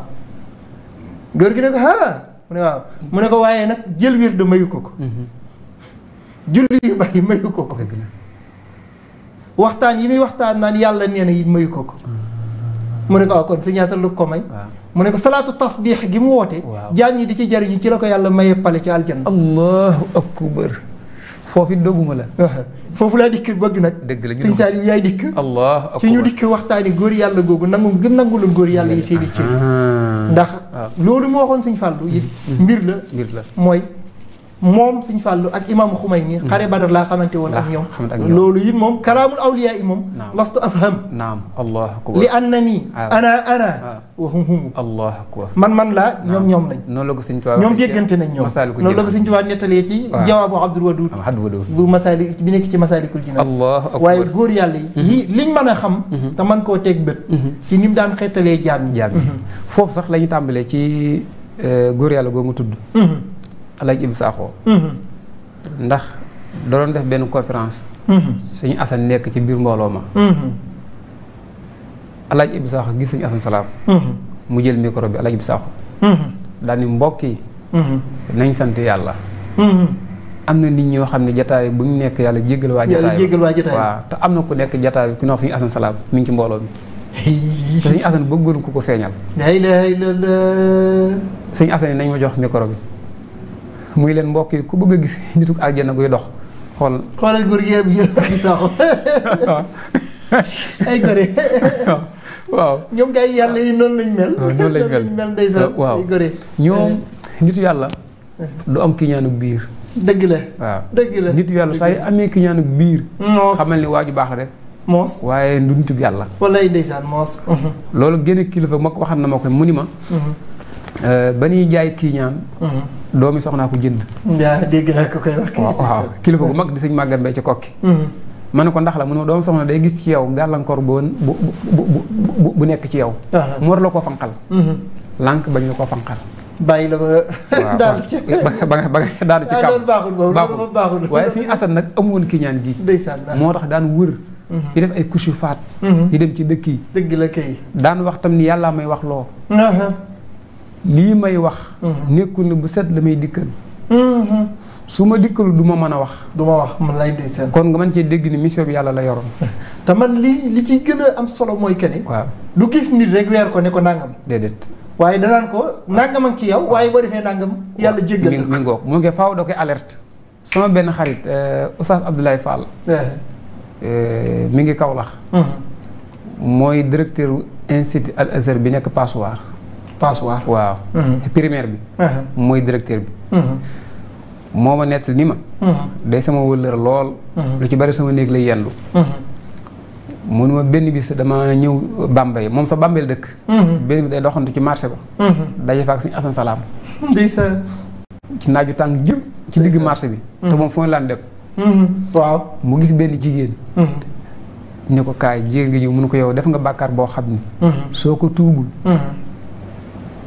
góor gi ne ko ah mu ne ko waaye nag jël wird mayu ko ko. Mhm. julli yu bari mayu ko ko. waxtaan yi muy waxtaan naan yàlla nee na it mayu ko ko. mu ne ko ah kon si ñaata lu ko may. mu ne ko salaatu tasbiix gi mu woote. waaw jaam ñi di ci jariñu ci la ko yàlla maye pale ci aljanna. allahu akbar. foofu it doguma la ah, foofu laa dikk bëgg nag dëgg la sëñ Saliou yaay dikk allah ci ñu dikk waxtaani góor yàlla googu nangu gën nangulul góor yàlla yi seen ci cër ah. ndax ah. loolu moo waxoon sëñ Fallou it hmm. mbir la mbir la mooy moom sëñ Fallou ak imaamu xumay nii xare mm-hmm. Badar laa xamante woon ak ah, ñoom loolu it moom kalaamul awliyaa yi moom lastu afham naam li anna nii ah. ana ana ah. wa hum man man laa ñoom ñoom lañ noonu la ko sëñ Tuubaa ñoom déggante nañ ñoom noonu la ko sëñ Tuubaa nettalee ci jawaabu Abdul Wadud Abdul Wadud bu masaali bi nekk ci masaalikul jinaan allah akbar waaye góor yàlla yi mm-hmm. liñ mën a xam mm-hmm. te man koo teg bët ci ni mu daan xettalee jaam ñi foofu sax la ñu tàmbalee ci eh, góor yàlla googu tudd alaaj Ibu Saaxo mm-hmm. ndax da def benn conférence mm-hmm. suñu asan nekk ci biir mbooloo ma mm-hmm. alaaj Ibu Saaxo gis suñu asan salaam mu jël micro bi alaaj Ibu mbokk yi nañ sant yàlla na nit ñoo xam ne jataay bu nekk yàlla jéggal waa ku nekk jataay mi ngi ci mbooloo mi te suñu asan bëggoon ku ko feeñal. day la la la. suñu asan yi nañ ma jox micro muy leen mbokk yi ku bëgg a gis nitu aljana guy dox xool. xoolal góor gi yëpp sax ay gore waaw ñoom gars yi yàlla yi noonu lañ mel. noonu lañ mel mel ndeysaan waaw ñoom eh. nitu yàlla. Eh. du am kiñaanug biir. dëgg la dëgg la nitu yàlla saa yu amee kiñaanug biir. moos xamal ni waa ju baax la rek. moos waaye du nitu yàlla. walaay ndeysaan moos. Mm-hmm. loolu génne kilifa ma ko ma ko mu ni ma. Mm-hmm. Eh, ba ñuy jaay kiñaan. Mm-hmm. doomi soxnaa ko jënd. waaw dégg naa ko koy wax. waaw kilifa gu mag di sëñ màggat mbay ci kokki. Hmm. ma ne ko ndax la mu ne doomu soxna day gis ci yow gàllankoor bu nekk ci yow. Ah. mu war la koo fanqal. Hmm. lànk bañ la koo fanqal. bàyyi la ba daal ci ba ba nga daanu ci ah, kaw baaxul baaxul waaye suñu asan nag amu woon kiñaan gi moo tax daan wër hmm. di def ay couche yu faat di dem ci dëkk daan wax tam ni may wax loo lii may wax. Mm-hmm. nekkul ne bu set la may dikkal. Mm-hmm. su ma dikkalu du ma mën a wax. du ma wax man lay ndeysaan kon nga man cee dégg ni mission bi yàlla la yoroon. te man li li ci gën a am solo mooy que ni. waaw du gis nit rek weer ko ne ko nangam. déedéet. waaye danaan ko nangam ak ci yow waaye boo defee nangam. yàlla jéggal la mi ngoog mu ngi faaw da koy alerte. sama benn xarit euh, Oustaz Abdoulaye Fall. Eh. Euh, mi ngi Kaolack. Mm-hmm. mooy directeur institut Al Azhar bi nekk Passoire. passoire waaw. Mhm. primaire bi. Mhm. mooy directeur bi. Mhm. moo ma nettali ni ma. day sama wëllër lool. lu ci bari sama néeg lay yendu. mun ma benn bis dama ñëw Bambey moom sa Bambey dëkk. benn bi day doxantu ci marché ba. daje fa ak suñu asan salaam. ndeysaan. ci naaju tàng jëm ci digg marché bi. te moom foo laan dem. mu gis benn jigéen. ne ko kaay jigéen gi ñëw mun ko yow def nga bàkkaar boo xam ni. soo ko tuubul.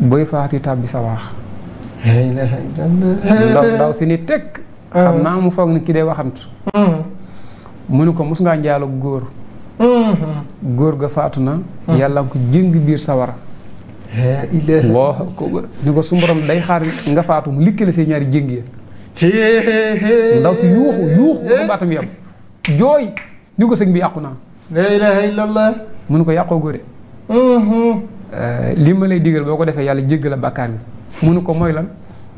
booy faati tàbbi sa waax ndaw ndaw si ni teg ah. ki dee hmm. ko mos ngaa njaalo góor hmm. góor faatu na hmm. yàlla nga ko jëng biir sawara loo ñu ko su borom day xaar nga faatu mu likkale see ñaari jëng ya ndaw si yuuxu yuuxu ba baatam yam jooy ñu ko sëñ bi yàqu naa la ilaha ko yàqoo góore Euh, li ma lay digal boo ko defee yàlla jéggal la bàkkaar bi mënu ko mooy lan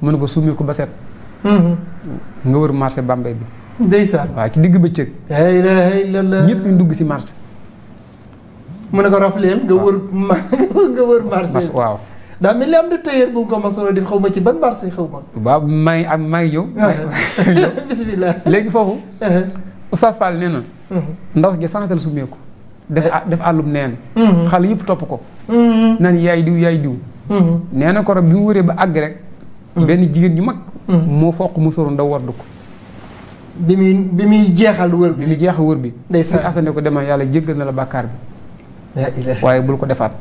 mënu ko summi ba set mm-hmm. nga wër marché Bambey bi ndeysaan waaw ci digg bëccëg ñëpp ñu dugg si marché mu ne ko raf leen nga wër nga wër waaw daa mel ni am na tailleur bu ko mas a def xaw ma ci ban marché xaw ma waaw maa ngi am ñëw ah. bisimilah léegi foofu uh-huh. Oustaz Fall nee na mm-hmm. ndaw gi sanatal summeeku def eh. def àllum neen mm-hmm. xale yëpp topp ko Mm-hmm. nan yaay diw yaay diw mm-hmm. nee na koro bi mu wëree ba àgg rek mm-hmm. benn jigéen ñu mag moo foq mu soro ndaw war du ko bi muy bi muy jeexal wër bi bi muy jeexal wër bi day sax asane ko demal yàlla jéggal na la bàkkaar bi waaye bul ko defaat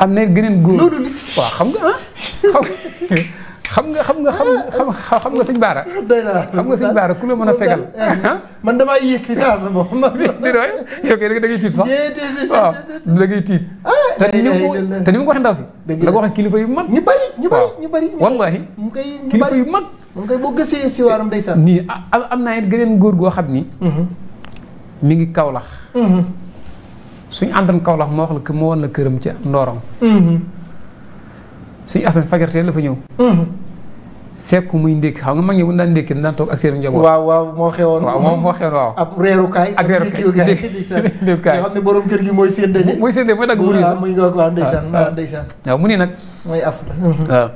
am na gëneen góor waaw xam nga ah xam nga xam nga xam xam nga sëñ Baara. xam nga sëñ Baara ku la mën a fegal. Eh, ah? man damaa yéeg fi saa sa bopp. di doy yow kay da ngay tiit sax. Ah, da ngay ah, te ni mu ko te ndaw si. la ko waxee kilifa yu mag. ñu bari ñu bari ñu bari. wallaahi kilifa yu mag. moom kay boo gësee si waaram ndeysaan. nii am naa geneen góor goo xam ni. Mm-hmm. mi ngi Kaolack. Mm-hmm. suñ àndoon kawlax moo wax la que moo këram ca Ndorong. Mm-hmm. suñu asan fajar teel la fa ñëw. Mm-hmm. fekk muy ndékk xaw nga mag ñi bu ñu daan ndékki daan toog ak seen njaboot. waaw waaw moo xewoon. waaw moom moo xewoon waaw. ab reerukaay. ak reerukaay ndékkukaay nga xam ne borom kër gi mooy nga waaw ndeysaan waaw ndeysaan. nag. mooy as la.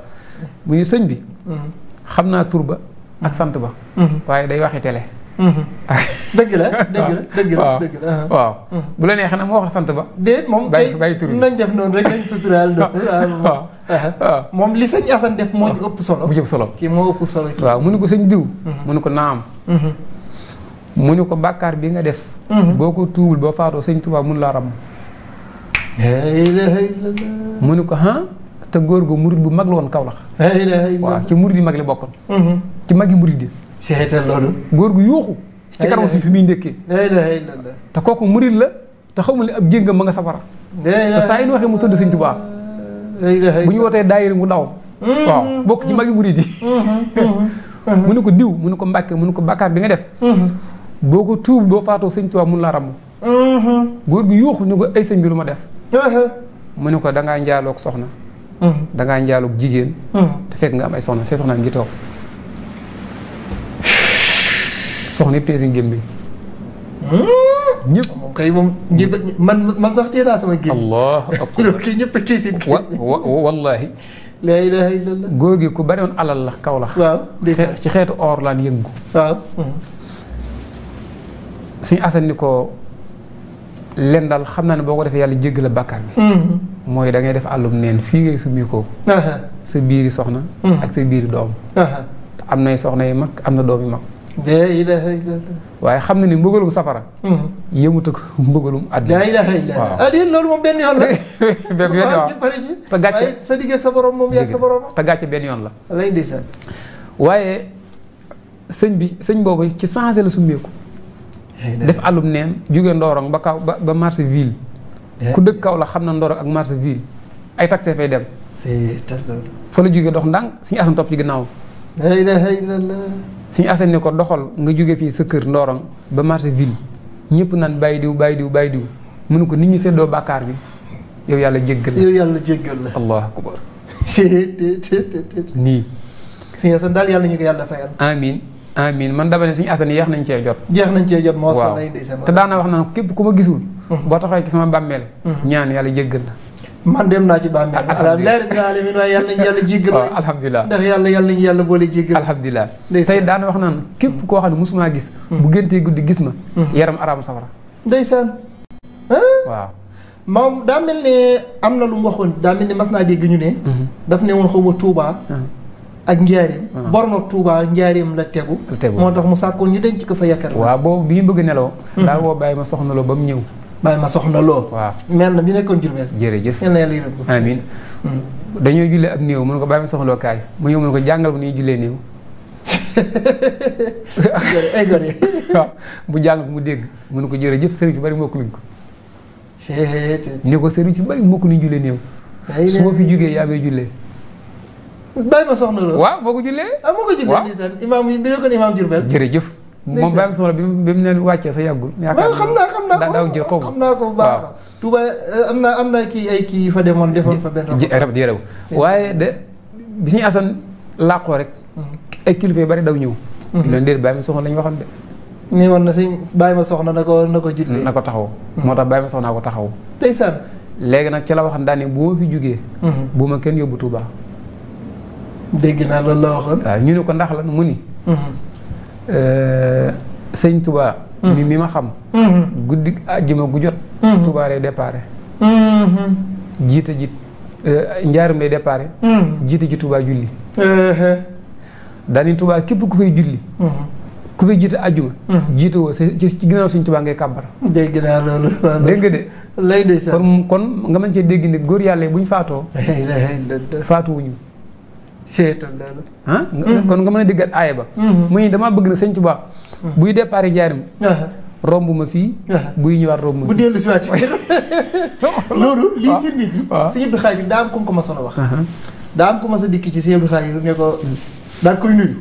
sëñ bi. Mm-hmm. xam naa tur ba ak sant ba. Mm-hmm. waaye day waxi télé. dëgg la dëgg la dëgg la dëgg uh-huh. neexee nag moo wax sant ba. déet moom tey nañ def noonu rek nañ suturaal waaw moom li sëñ Assane def moo ci ah, ëpp solo. moo ci ëpp solo ci moo waaw mu ne ko sëñ diw. Mhm. mu ne ko naam. Mhm. mu ne ko bàkkaar bi nga def. Mhm. boo ko tuubul boo faatoo sëñ Tuubaa mun laa ram. mu ne ko ah te góor gu murid bu mag la woon Kaolack. waaw ci murid yi mag li bokkoon. ci mag yi murid yi. seetal loolu. góor gu yuuxu. ci kanam fi fi muy ndékkee. te kooku murid la te xamul ne ab jéngam ma nga safara. te saa yi nu waxee mu tudd sëñ Tuubaa. bu ñu wootee daayira mu daw mm-hmm. waaw bokk ci magi murid yi mm-hmm. mu ne ko diw mu ne ko mbàkke mu ko bàkkaar bi nga def mm-hmm. boo ko tuub boo faatoo sëñ Tuubaa mun laa ràmm góor gi yuuxu ñu ko ay sëñ bi lu ma def uh-huh. mu ne ko dangaa njaaloog soxna dangaa njaaloog jigéen te fekk nga am ay soxna see soxna am ngi toog soxna yëpp tey seen ñëpp moom kay moom man man sax tee naa sama géej. allah akbar kii ñëpp a téye seen géej. wa wallaahi. laa ku bari woon alal la kaw la. ci xeetu or laan yëngu. waaw. suñu asan ni ko len daal xam naa ne boo ko defee yàlla jégg la bàkkaar bi. Mm-hmm. mooy da def àllum neen fii ngay summi ko. sa biiri soxna. Mm-hmm. ak sa biiri doom. am nay soxna yu mag am na doom yu mag. waaye xam na ni mbëggalum safara hmm. yëmut ak mbëggalum àddina laa ah, loolu moom benn yoon la te gàcce sa digg sa borom moom benn yoon la lay waaye sëñ bi sëñ boobu ci changé la summeeku def àllum neen jóge Ndorong ba kaw ba marché ville ku dëkk kaw la xam na Ndorong ak marché ville ay taxi fay dem fa la jóge dox ndànk suñu asan topp ci ginnaaw la ilaha illallah suñu asan ni ko doxal nga jóge fii sa kër Ndorong ba marché ville ñëpp naan bàyyi diw bàyyi diw bàyyi diw mënu ko nit ñi seddoo bàkkaar bi yow yàlla jéggal yow yàlla jéggal la allah akbar nii suñu asan daal yàlla ñu ko yàlla fayal amin amin man dama ne suñu asan yi yeex nañ cee jot jeex nañ cee jot moo waaw daana wax na képp ku ma gisul mm. boo taxawee ci sama bàmmeel mm. ñaan yàlla jéggal la man dem naa ci bàmmeel ala leer bi yàlla nañu yàlla jéggal waaw alhamdulilah ndax yàlla yàlla nañu yàlla boole jéggal alhamdulilah tey daana wax na naan képp koo xam ne mosumaa gis hmm. bu géntee guddi gis ma hmm. yaram araam safara ndeysaan waaw moom daa mel ne am na lu mu waxoon daa mel ne mas naa dégg ñu ne hmm. daf ne woon xaw ma Touba ak njaareem bornoog Touba njaareem la tegu moo tax mu sàkkoon ñu denc ko fa yaakaar waaw boobu bi ñu bëgg neloo daa woo bàyyi ma soxna loo ba mu ñëw bàyyi ma soxna loo. waaw mel na bi nekkoon Jurbel. jërëjëf yal na yàlla hmm. néew mun ko bàyyi soxna loo kaay mu ko jàngal bu ñuy jullee jàng mu dégg mun ko jërëjëf sëriñ si bari ko. ni ko sëriñ si bari mokk luñ jullee néew. su ma yaa may jullee. bàyyi ma soxna loo. waaw ah, moo moom Baye Sow la bi mu bi mu ne wàccee sa yàggul. yaakaar xam naa xam naa ko daaw jël xaw ma xam naa ko baax. waaw eh, am naa am naa kii ay kii fa demoon defoon fa benn. rab di rew waaye de bi suñu asan làqoo rek. Mm-hmm. ay kilifa yu bari daw ñëw. Mm-hmm. leen déet Baye ma soxna de. nii na si Baye ma soxna na ko na ko jullee. na ko taxaw mm-hmm. moo tax Baye ma soxna ko taxaw. tey sàn. léegi nag ci la waxoon daan ne boo fi jugee. bu ma kenn yóbbu Touba. dégg naa loolu la waxoon. ñu ne ko ndax la mu ni Euh, sëñ Touba. mi mm-hmm. mi ma xam. Mm-hmm. guddi àjjuma gu jot. Mm-hmm. Touba lay déparé. jiite ji euh, njaaram lay déparé. jiite ji Touba julli. Uh-huh. daani Touba képp ku fay julli. ku fay jiite àjjuma. jiite woo sa ci ginnaaw sëñ Touba ngay kàbbar. dégg naa loolu. dégg nga de. de kon nga mën cee dégg ne góor yàlla yi bu ñu faatoo. faatuwuñu. ah mm-hmm. kon nga mën a diggat aaya ba mm-hmm. mu ni damaa bëgg na sëñ Tuubaa mm-hmm. buy départ njaarim uh-huh. romb ma fii uh-huh. buy ñëwaat romb ma bu dellu si waat loolu lii firnde ji ah. sëñ Abdou Khadir daa am ku ko ma sono wax uh-huh. daa am ku ma sa dikk ci sëñ Abdou Khadir ne ko daa koy nuyu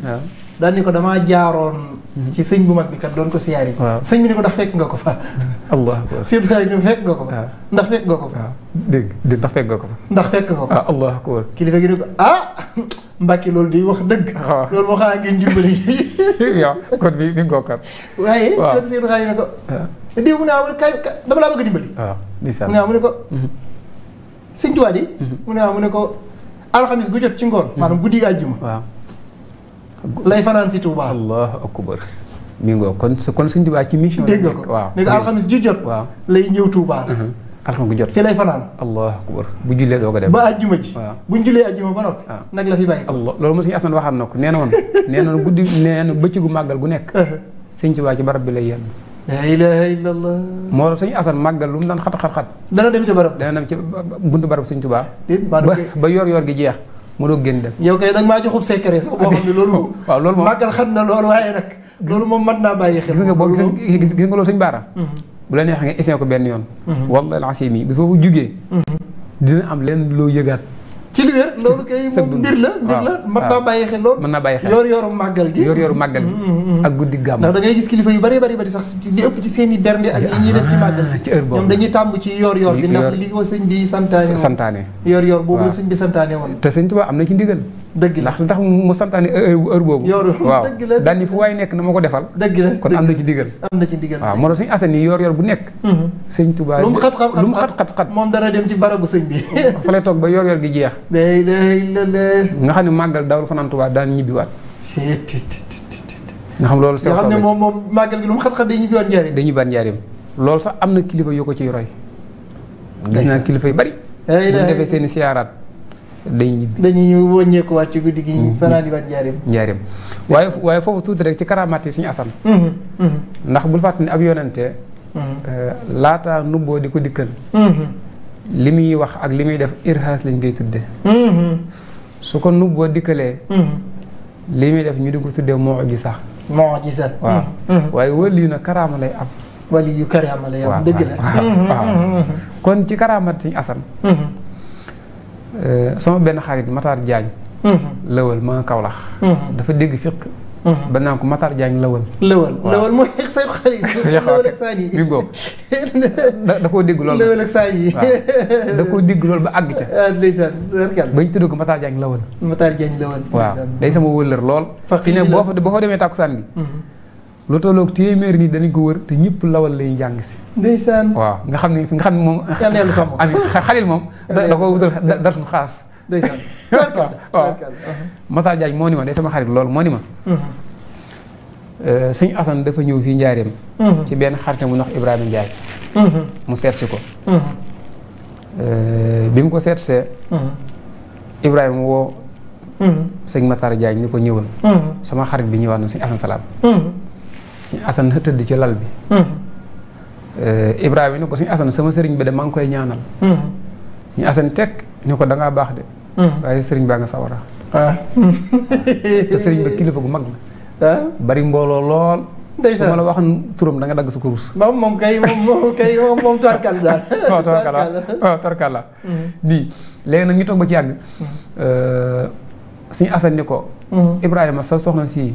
daa ne ko damaa jaaroon ci sëñ bu mag bi kat doon ko siyaari sëñ bi ne ko ndax fekk nga ko fa allah sëñ bi ne fekk nga ko fa ndax fekk nga ko fa di ndax fekk nga ko fa ndax fekk nga ko fa ah, allah akbar kilifa ah, loolu di wax dëgg ah. loolu moo xaa ngeen dimbali waaw kon bi mi ngi ko kat waaye kon sëñ bi ne ko diw mu ne ah kay dama laa bëgg a dimbali waaw mu ne ah mu ne ko mhm. sëñ Tuubaa di mhm. mu ne ah mu ne ko alxamis gu jot ci ngoon mhm. maanaam guddi àjjuma lay fanaan si Touba. allahu akbar mi ngoo kon kon suñu Touba ci mission. dégg nga ko waaw ne ko alxamis ju jot. waaw lay ñëw Touba. Uh-huh. alxames gu jot fi lay fanaan. allahu akbar bu jullee doo ko ba àjjuma ji. waaw bu ñu àjjuma ba noppi. nag la loolu mosu ñu asman waxaan na ko nee woon nee na guddi nee na bëccëgu màggal gu nekk. Uh-huh. sëñ Touba ci barab bi lay yenn. la ilaha illallah. moo tax sëñ Assane màggal lu mu daan xat xat xat. dana dem ci barab. dana dem ci buntu barab sëñ Touba. ba yor yor gi jeex mu doog génn dem. yow kay da nga maa joxub secret sax boo xam ne loolu. waaw loolu moom màggal xat na loolu waaye nag. loolu moom mën naa bàyyi xel. gis nga boo gis gis loolu suñu baaraam. Mhm. bu la neexee nga essayé yoon. Mhm. wallaahi al-asiim yi bu foofu jugee. Mhm. dina am leen loo yëgaat. ci lu wér loolu kay moom mbir la mbir la mën naa bàyyi xel loolu mën naa bàyyi xel yoor yooru màggal gi yoor yooru màggal gi mm, mm, mm. ak guddi gàmm ndax da gis kilifa yu bari bari bari sax li ëpp ci seeni i bernde ak yi ñuy def ci ah, màggal gi ci heure dañuy tàmb ci yoor yoor bi ndax li ko sëñ bi santaane santaane yoor yoor boobu sëñ bi santaane woon te sëñ Tuubaa am na ci ndigal dëgg la ndax ndax mu santaane heure boobu waaw daal ni fu waay nekk na ma ko defal dëgg la kon am na ci ndigal am na ci ndigal waaw moo tax suñu asan yi yor yor bu nekk mhm. sëñ Tuubaa lu mu xat xat moom dana dem ci barabu sëñ bi fa lay toog ba yoor yor gi jeex day day la nga xam ne màggal daawul fanaan Tuubaa daan ñibbiwaat nga xam loolu nga xam ne moom moom màggal gi lu mu xat xat day ñibbiwaat njaarim day ñibbiwaat njaarim sax am na kilifa yoo ko ciy roy gis naa kilifa yu bari bu ñu defee seeni siyaaraat dañuy ñibbi dañuy wàññeekuwaat ci guddi gi ñu mm-hmm. fanaaniwaat njaareem njaareem waaye waaye foofu tuuti rek ci karaamaat yi suñu asan mm-hmm. mm-hmm. ndax bul fàttali ne ab euh, laata nubboo di ko dikkal li muy wax ak li muy def irhaas lañ koy tudde su ko nubboo dikkalee li muy def ñu di ko tuddee moo ji sax waaye wëli yu na karaama lay am wali yu karaama am kon ci karaamat suñu asan Euh, sama benn xarit Matar Diagne. Mm-hmm. lëwal ma Kaolack. Mm-hmm. dafa dégg fiq mm-hmm. ba naan ko Matar Diagne lëwal. lëwal lëwal mooy ak say xarit. lëwal ak saan yi bi boobu da da koo dégg lool. lëwal ak ba àgg ca. ah ndeysaan ko Matar Diagne lëwal. Matar Diagne lëwal. day sama wëllër lool. fa ne boo fa demee tàkkusaan bi lu tolloog téeméer nii danañ ko wër te ñëpp lawal lay njàng si. ndeysaan waaw nga xam ne nga xam ne moom. xaleel sama ami xalil moom. da ko wutal darsun xaas. ndeysaan waaw uh-huh. moo ni ma de sama xarit lool moo ni ma. Uh-huh. Euh, sëñ Assane dafa ñëw fii Njaareem. Uh-huh. benn xarit mu ñuy wax mu seet si ko. Euh, bi mu ko seet see. Ibrahima woo. sëñ Matar Diagne ñu ko ñëwoon. sama xarit bi ñëwaat na sëñ Assane Salam. Assane tëdd ci lal bi. Hmm. Eh, Ibrahima ni ko suñu Assane sama sëriñ bi de maa koy ñaanal. Hmm. suñu Assane teg ni ko da baax de. Hmm. waaye sëriñ baa nga sawara. Ah. te sëriñ ba kilifa gu mag la. Ah. bari mbooloo lool. ndeysaan su ma la turam da dagg sa kurus. moom moom kay moom kay moom torkal daal. waaw torkal la waaw oh, torkal la. Oh, nag ñu toog ba ci yàgg. Eh, suñu Assane ni ko. Ibrahima sa soxna sii.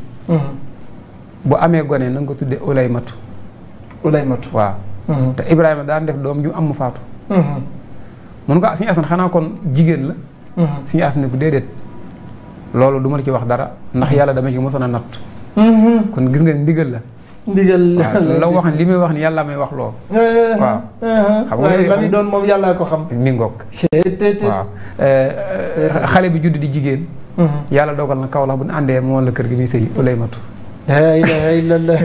bu amee gone na ko tuddee ulaymatu ulaymatu waaw mm-hmm. te ibrahima daan def doom ju am mu faatu mm-hmm. mun ko suñu asan xanaa kon jigéen la mm-hmm. suñu asan ne ko déedéet loolu du la ci wax dara ndax yàlla dama ci mosoon a natt kon gis nga ndigal la ndigal la wax li muy wax ni yàlla may wax loo eh, eh, waaw eh, xam nga la muy doon moom yàlla ko xam mi ngoog xale bi judd di jigéen yàlla dogal na kaw la bu ñu àndee moo la kër gi muy sëy ulaymatu la ilaha illallah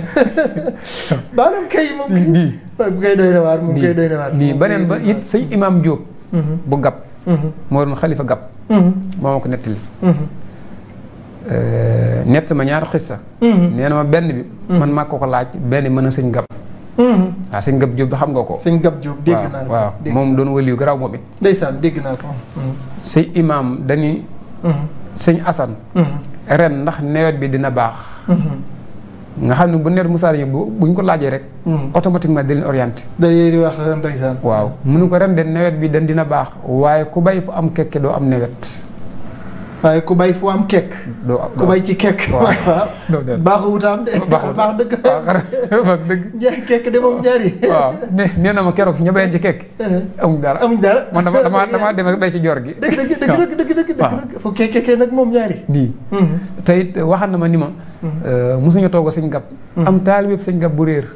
maanaam kay moom kay doy na waar moom kay doy na waar bii beneen ba it sëñ imaam Diop bu gab moo doon xalifa gab moo ma ko nettali nett ma ñaar xista nee na ma bi man ko ko benn bi mën a sëñ gab waaw sëñ gab Diop bi xam nga ko sëñ gab Diop dégg naa ko waaw moom doon dégg naa ko sëñ imaam dañuy sëñ Assane ren ndax nawet bi dina baax Mm-hmm. nga xam ne bu neer Moussa Diop bu buñ ko laajee rek. Mm-hmm. automatiquement ma leen orienté. da leen di wax ndeysaan. waaw mënu ko ren de nawet bi dañ dina baax waaye ku bay fu am kekke doo am nawet. waaye ku bay fu am kekk. ku bay ci kekk. waaw baaxut am de. baax dëgg baax ah, dëgg. ñaari kekk de moom ñaari. waaw na ma keroog ña bayoon ci kekk. Uh-huh. amuñ dara amuñ dara. man dama damaa bay ci joor gi. dëgg dëgg dëgg dëgg dëgg. waaw fu kekkee nag moom ñaari. nii. Mm-hmm. te it na ma ni ma. Mm-hmm. Uh, mosuñu toog a sëñ gab. Mm-hmm. am taalibe yëpp sëñ gab bu réer.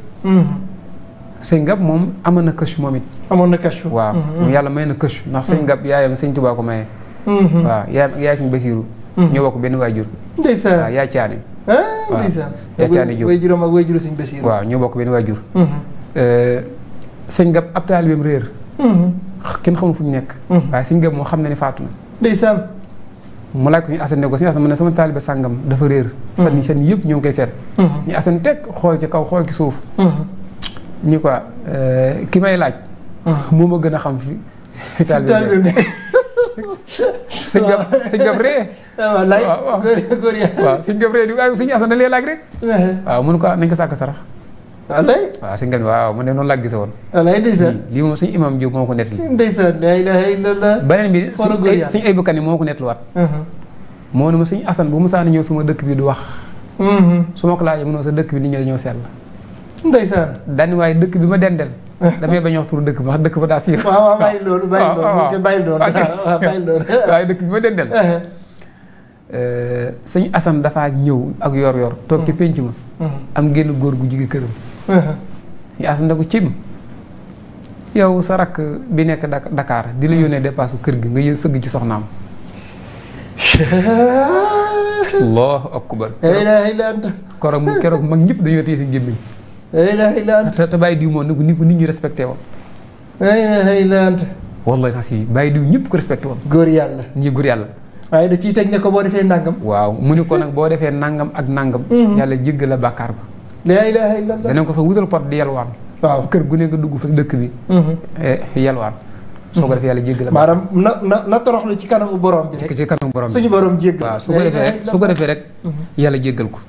sëñ Ngab moom amoon na këch moom it. amoon na këch. waaw yàlla may na këch ndax sëñ Ngab yaayam sëñ Tuubaa ko maye. Mm-hmm. waaw yaa yaay suñu basiiru mm-hmm. ñoo bokk benn waajur ndeysaan waaw yaa caani ah ndeysaan yaa caani jur waajuram ak waajuru suñu basiiru waaw ñoo bokk benn waajur mm-hmm. eh, sëñ gab ab taalibeem réer kenn xamul fu mu nekk waaye sëñ gab moo xam na ne faatu na ndeysaan mu laaj ko suñu asan ne ko suñu asan mu ne sama taalibe sàngam dafa réer fan seen yëpp ñoo ngi koy seet suñu asan teg xool ci kaw xool ci suuf ni quoi eh, ki may laaj moo ma gën a xam fi fi taalibe sëñ gab sëñ gab ree. waaw lay góor góor gab ree di waaw sëñ Asan na lee laaj rek. waaw mënu ko nañ ko sàkk sarax. wallay waaw sëñ gab waaw man de noonu laa gise woon. wallay lii moom sëñ imam Diop moo ko nettali. ndeysaan la ilaha illallah. beneen bi sëñ ay bëkkan moo ko nettaliwaat. moo ne ma sëñ Asan bu musaana ñëw suma dëkk bi du wax. su ma ko laajee sa dëkk bi nit ñi dañoo seetlu. ndeysaan daan waaye dëkk bi ma dendel dafay bañ wax turu dëkk ba daa siiw. waaw waaw bàyyi loolu bàyyi loolu waaye dëkk bi ma dendal. Uh-huh. Eh, sëñ Assane dafaa ñëw ak yor-yor. toog ci mm. penc ma. Mm-hmm. am génn góor gu jigéen këram. Uh-huh. sëñ Assane da ko cim. yow sa rakk bi nekk Dakar di la mm. yónnee dépasse kër gi nga yë sëgg ci soxnaam. allahu akbar. keroog keroog mag ñëpp dañoo téye si gémmiñ la ilaha illa anta te bàyyi diw moom ni ko nit ñi respecté woon la ilaha illa anta si bàyyi diw ñëpp ko respecté woon góor yàlla ñi yàlla waaye da ci teg ne boo defee nangam waaw mu ni ko nag boo defee nangam ak nangam mhm. yàlla jéggal la bakkaar ba la ilaha illa allah danañ ko sax wutal pot di gu ne nga dugg fa dëkk bi mhm. eh, yalwaan soo ko mhm. defee yàlla jéggal la maanaam na na na toroxlu ci kanamu borom bi rek ci kanamu borom bi suñu borom jéggal waaw su ko ko defee rek yàlla jéggal ko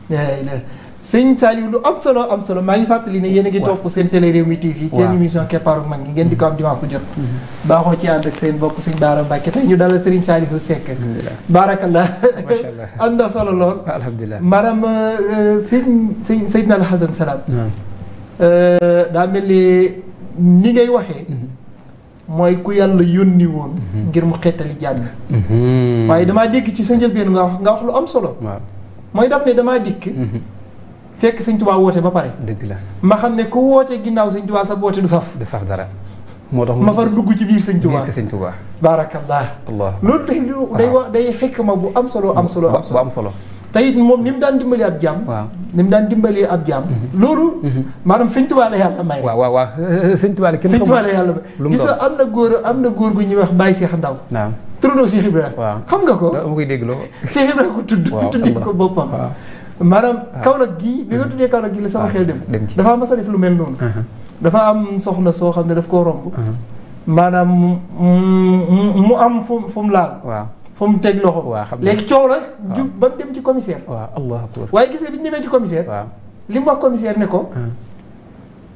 sëñ Saliou lu am solo am solo maa ngi fàttali ne yéen a ngi topp seen télé Rewmi TV seen émission keppaaru mag ñi ngeen di ko am dimanche bu jot mhm. baaxoo ci ànd ak seen bokk sëñ Baara Mbàkke tey ñu dalal Serigne Saliou Seck baarakallah am na solo lool alhamdulilah maanaam euh, sëñ sëñ Seydina Al Hasan euh, daa mel ni ni ngay waxee mhm. mooy ku yàlla yónni woon mhm. ngir mu xettali jàmm waaye damaa dégg ci sa njëlbeen nga wax nga wax lu am solo mooy daf ne damaa fekk sëñ tubaa woote ba pare. dëgg la ma xam ne ku woote ginnaaw sëñ tubaa sa woote du saf. du saf dara. moo tax ma far dugg ci biir sëñ tubaa nekk sëñ tubaa. baarakallah. loolu day ah. day wax day xikma bu am solo am solo. bu am solo te moom ni mu daan dimbali ab jàmm waaw ni mu daan dimbali ab jaam. Mhm. loolu. Mhm. maanaam sëñ tubaa la yàlla may. waaw waaw waaw sëñ tubaa la kenn sëñ tubaa yàlla may. gis am na góor am na góor gu ñuy wax Baye Cheikh Ndaw. waaw turandoo Cheikh Ibrahima. xam nga ko. dama koy dégg loo. Cheikh Ibrahima ko tudd. waaw tudd ko boppam maanaam ah. Kaolack gii bi nga mm-hmm. tuddee Kaolack gii la sama ah, xel dem dafa mas a def lu mel noonu uh-huh. dafa am soxna soo xam ne daf koo romb uh-huh. maanaam mu am fu fu mu laal waaw fu mu teg loxo léegi coow la jub ba mu dem ci commissaire waaw allah akbar waaye gisee bi ñu demee ci commissaire li mu wax commissaire ne ko uh-huh.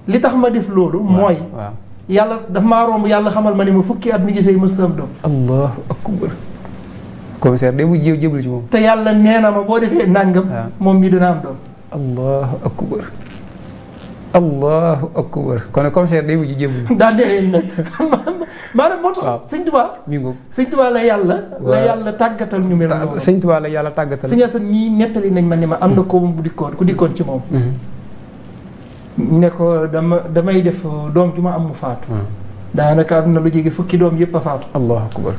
li tax ma def loolu mooy yàlla daf maa romb yàlla xamal ma ne ma fukki at mi gisee mësta am doom allahu commissaire day mujj jébbalu ci moom. te yàlla nee na ma boo defee nangam. Ah. moom mii dina am doom. allahu akbar allahu akbar kon commissaire day mujj jébbalu. daal defee nag maanaam moo tax. waaw sëñ Tuubaa. mi la yàlla. la yàlla tàggatal ñu mel noonu. sëñ Tuubaa la yàlla tàggatal. sëñ sa mii nettali nañ ma ne ma am na ko bu dikkoon ku dikkoon ci moom. Mm-hmm. ne ko dama damay def doom ju ma am mu faatu. Mm. daanaka am na lu jege fukki doom yëpp a faatu. allahu akbar.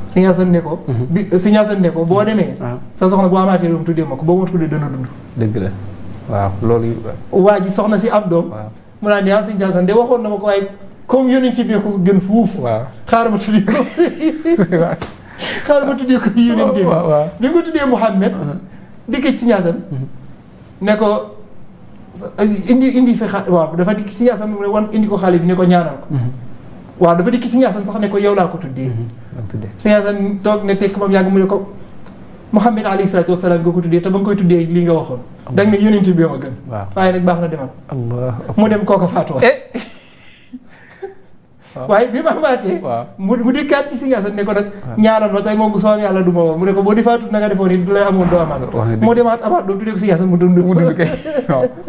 ko. Mhm. bi Sëñ Asan boo demee. Ah. sa soxna bu amaatee doom tuddee ma ko boo ma tuddee dana dund. dëgg la waaw loolu. waa ji soxna si am doom. waaw mu de waxoon na ko waaye comme yónni ci biir ko gën fuuf. waaw xaaral ma tuddee ko. xaaral ma tuddee ko yónni ci waaw ni nga tuddee Mouhamed. Mhm. dikk ci Sëñ Asan mhm. indi indi fi xa waaw dafa dikk Sëñ Asan wan indi ko xale bi ne ko ñaanal ko. waaw dafa dikki Sëñ Asan sax ne ko yow laa ko tuddee. Mhm, Sëñ Asan toog ne tekk moom yàgg mu ne ko Muhammad alayhi salaatu wasalaam nga ko tuddee te ba koy tuddee lii nga waxoon. da nga ne yónent bi ma gën. waaye nag baax na demal. mu dem kooka faatuwaat. Eh. waaye bi ma amaatee mu mu dikkaat ci Sëriñ Asan ne ko nag ah. ñaanal ma tey moom yàlla du ma woon mu ne ko boo defaatut na nga defoon it du moo demaat amaat doom tuddee ko Sëriñ mu dund kay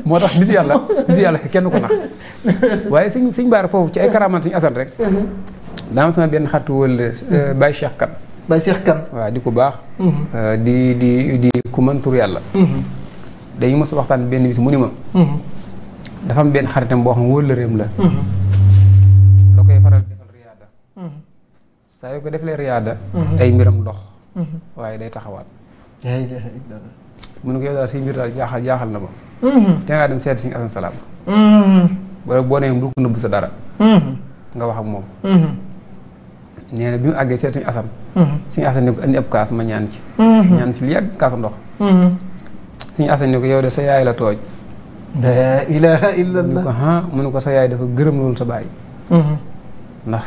moo tax nit yàlla nit yàlla kenn ko nax waaye sëñ sëñ Baara foofu ci ay karaamaan Sëriñ Asan rek uh-huh. daama sama benn xaritu wëlle uh, Baye Cheikh Kan Baye Cheikh Kan waaw di ko baax uh-huh. uh, di di di ku mën yàlla uh-huh. dañu mos waxtaan benn bis mu ma dafa benn xaritam boo xam wëllëreem la saa yoo ko defee riyaada mhm. ay mbiram dox. Mhm. waaye day taxawaat. mu ne ko yow daal say mbir daal jaaxal na ma. Mhm. te ngaa dem seet si asan salaam. wala boo nee bul ko bi mu àggee seet si asan. suñu asan ne ko andi ab ko yow de sa yaay la gërëm loolu sa baay. ndax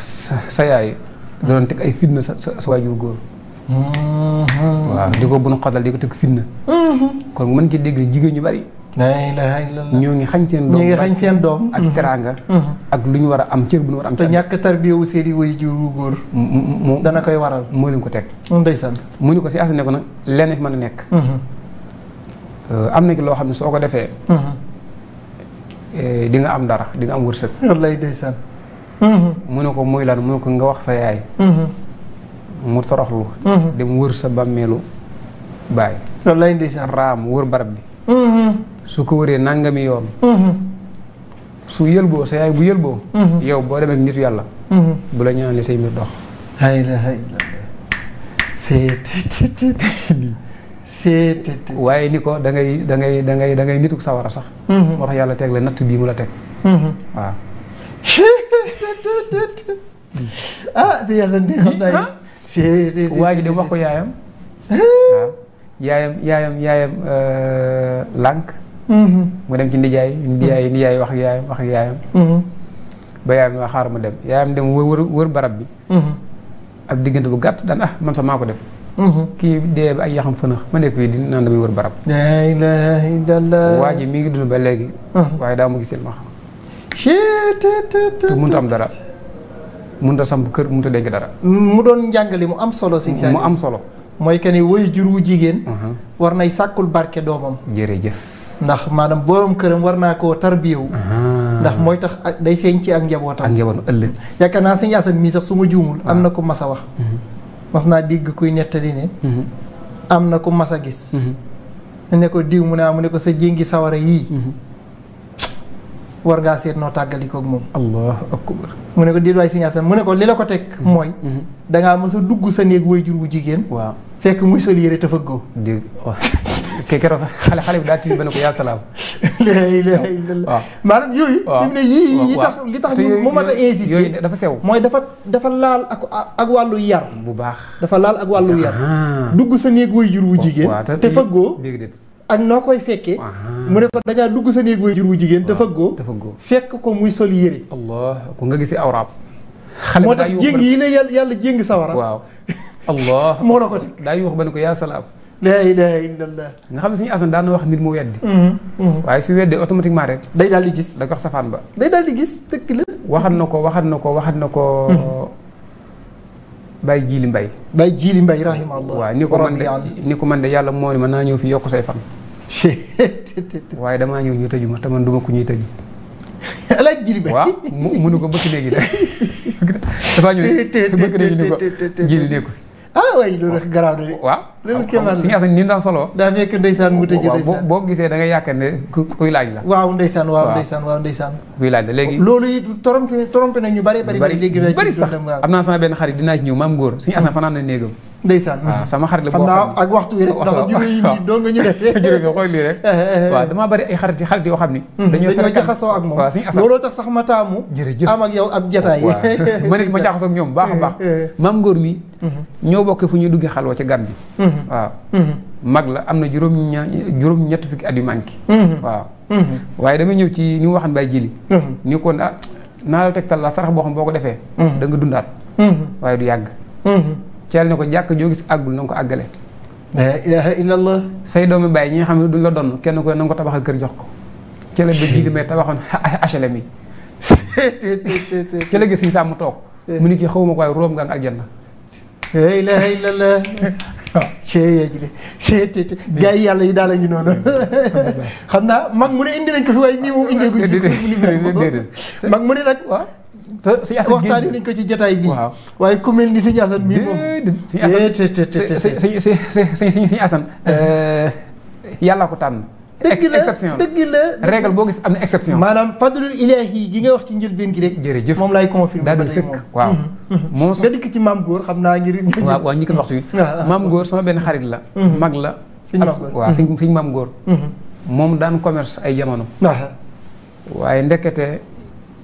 sa yaay. doon teg ay fitna sa sa sa waajur góor. Mm-hmm. waaw di ko bun xodal di ko teg fitna. Mm-hmm. kon mën ci dégg jigéen ñu bari. ñoo ngi xañ seen doom ñoo ngi ak teraanga. Mm-hmm. ak lu ñu war a am cër bu ñu war am. te ñàkk tarbiyewu seen i waajur góor. mu dana koy waral. moo leen ko teg. ndeysaan. mu ni ko si as ne nag leneen fi mën a nekk. Euh, am na ki loo xam ne soo ko defee. Euh, di nga am dara di nga am wërsëg. wallaay ndeysaan. Mm-hmm. mu ne ko muy lan mu ne ko nga wax sa yaay mm-hmm. mu toroxlu mm-hmm. dem wër sa bàmmeelu baay loolu lay ndeysaan raam wër barab bi su ko wëree nangami yoon su yëlboo sa yaay bu yëlboo yow boo demee nitu yàlla bu la ñaan li say mbir dox waaye ni ko da ngay da ngay sa ngay da ngay sax moo tax yàlla teg la natt bii mu la teg waaw ah si yasan di xam naa wax ko yaayam waaw yaayam yaayam yaayam lànk mu dem ci ndijaay ndijaay ndijaay wax ak yaayam wax ak yaayam ba yaayam ni xaar ma dem yaayam dem wër barab bi ab diggante bu gàtt daan a ah, man sax maa def kii dee ba ay yaxam fënax ma nekk fii di naan damay wër barab waa mi ngi dund ba léegi waaye daa mu gisil ma te mënut am dara mun a samp kër mënut a denc dara. mu doon njàngale mu am solo. si mu am solo. mooy que ni woy jur wu jigéen. Uh-huh. war nay sàkkul barke doomam. jëf ndax maanaam boroom këram war naa koo tarbiyewu. Uh-huh. ndax mooy tax day feeñ ci ak njabootam. ak njabootam ëllëg. yaakaar naa sëñ Yaasan mii sax su ma am na uh-huh. ko mas wax. mas naa dégg kuy nettali ne. am na ko masa gis. ne ko diw mu ne ah, mu ne ko sa jéngi sawara yii. war ngaa seet noo tàggalikook moom allahu mu ne ko déedwaay si Asan mu ne ko li la ko teg mm-hmm. mooy mm-hmm. dangaa mës a dugg sa néeg jur wu jigéen waaw fekk muy sol yére te fëggoo oh, ke keroog sax xale xale bi daa tiit ba ne ko yaa salaam waaw maanaam yooyu fi yi tax li tax ñu mu mat a insister dafa sew mooy dafa dafa laal ak ak wàllu yar bu baax dafa laal ak wàllu yar ah. dugg sa néeg waajur wu oh, jigéen te fëggoo ak noo koy fekkee mu ne ko dangaa dugg sa néeg waajur wu jigéen dafa góo fekk ko muy sol yére allah ko nga gisee awraam moo tax jéng yi la yàlla yàlla jéng sawara waaw allah daa yuux ba ne ko yaa salaam laa ilaha illallah nga xam ne suñu asan daan na wax nit mu weddi mm-hmm, mm-hmm. waaye su weddee automatiquement rek day daal di gis da ko wax safaan ba day daal di gis dëkk la waxat na ko waxat na ko waxat na ko mm-hmm. Baye Jili Mbaye Baye Jili Mbaye rahimahullah waaw ni ko man de ni ko man de yàlla ma naa ñëw fi yokk say fan waaye damaa ñëw ñu tëju ma te ku ñuy tëju alaaj jili bay waaw munu ko bëgg léegi de dafaa ñëw bëgg léegi ni ko jili ne ko ah waay loolu garaaw na de loolu kéemaan si nga xam ne ni mu daan solo daa fekk ndeysaan mu tëj ndeysaan boo gisee da nga yaakaar ne kuy laaj la waaw ndeysaan waaw ndeysaan waaw ndeysaan kuy laaj la léegi loolu it trompé trompé na ñu bari bari bari léegi bari sax am naa sama benn xarit dinaa ci ñëw maam góor suñu asan fanaan na néegam ndeysaan waaw sama xarit la boo xam naa ak waxtu wi rek ndax juróomi minute doo nga ñu dese juróomi nga xool lii rek eh, eh, eh. waaw damaa bari ay xarit yi xarit yoo xam ni hmm, dañoo jaxasoo ak moom waaw suñu asan looloo tax sax ma taamu jërëjëf am ak yow ab jataay ma nekk ma jaxasoo ak ñoom baax a baax maam góor mi hmm. ñoo bokkee fu ñuy duggee xalwa ci gan bi hmm. Mm-hmm. waaw mm-hmm. mag la am na juróom ña juróom ñett fukki at yu manqué mm-hmm. waaw waaye dama ñëw ci ni mu waxan bay jili ni kon ah naa la tegtal la sarax boo xam boo ko defee da nga dundaat waaye du yàgg ceel ne ko jàkk joo gis àggul na nga ko àggale la ilaha illallah say ñi nga xam ne duñ la donn kenn ko na ko tabaxal kër jox ko ci la ba jili may tabaxoon HLM yi eh. mu ni kii xawuma ko waaye róom nga cee jigéen cee te te gaa yi yàlla yi daal a ngi noonu xam naa mag mu ne indi nañ ko fi waaye mii moom indee ko fi mag mu ne nag waxtaani nañ ko ci jotaay bi waaye ku mel ni sëñ Asan mii moom sëñ Asan euh, yàlla ko tànn dëgg la dëgg la règle boo gis am na exception. maanaam fadlul ilaahi yi nga wax ci njëlbeen gi rek. jërëjëf moom laay confirmer. daa doon sëkk waaw. Mm-hmm. Mm-hmm. moom nga dikk ci maam Góor xam naa ngir. waaw waaw ñi kan waxtu benn xarit la. Mm-hmm. mag la. suñ maam Góor moom daan commerce ay jamono. waaye ndekete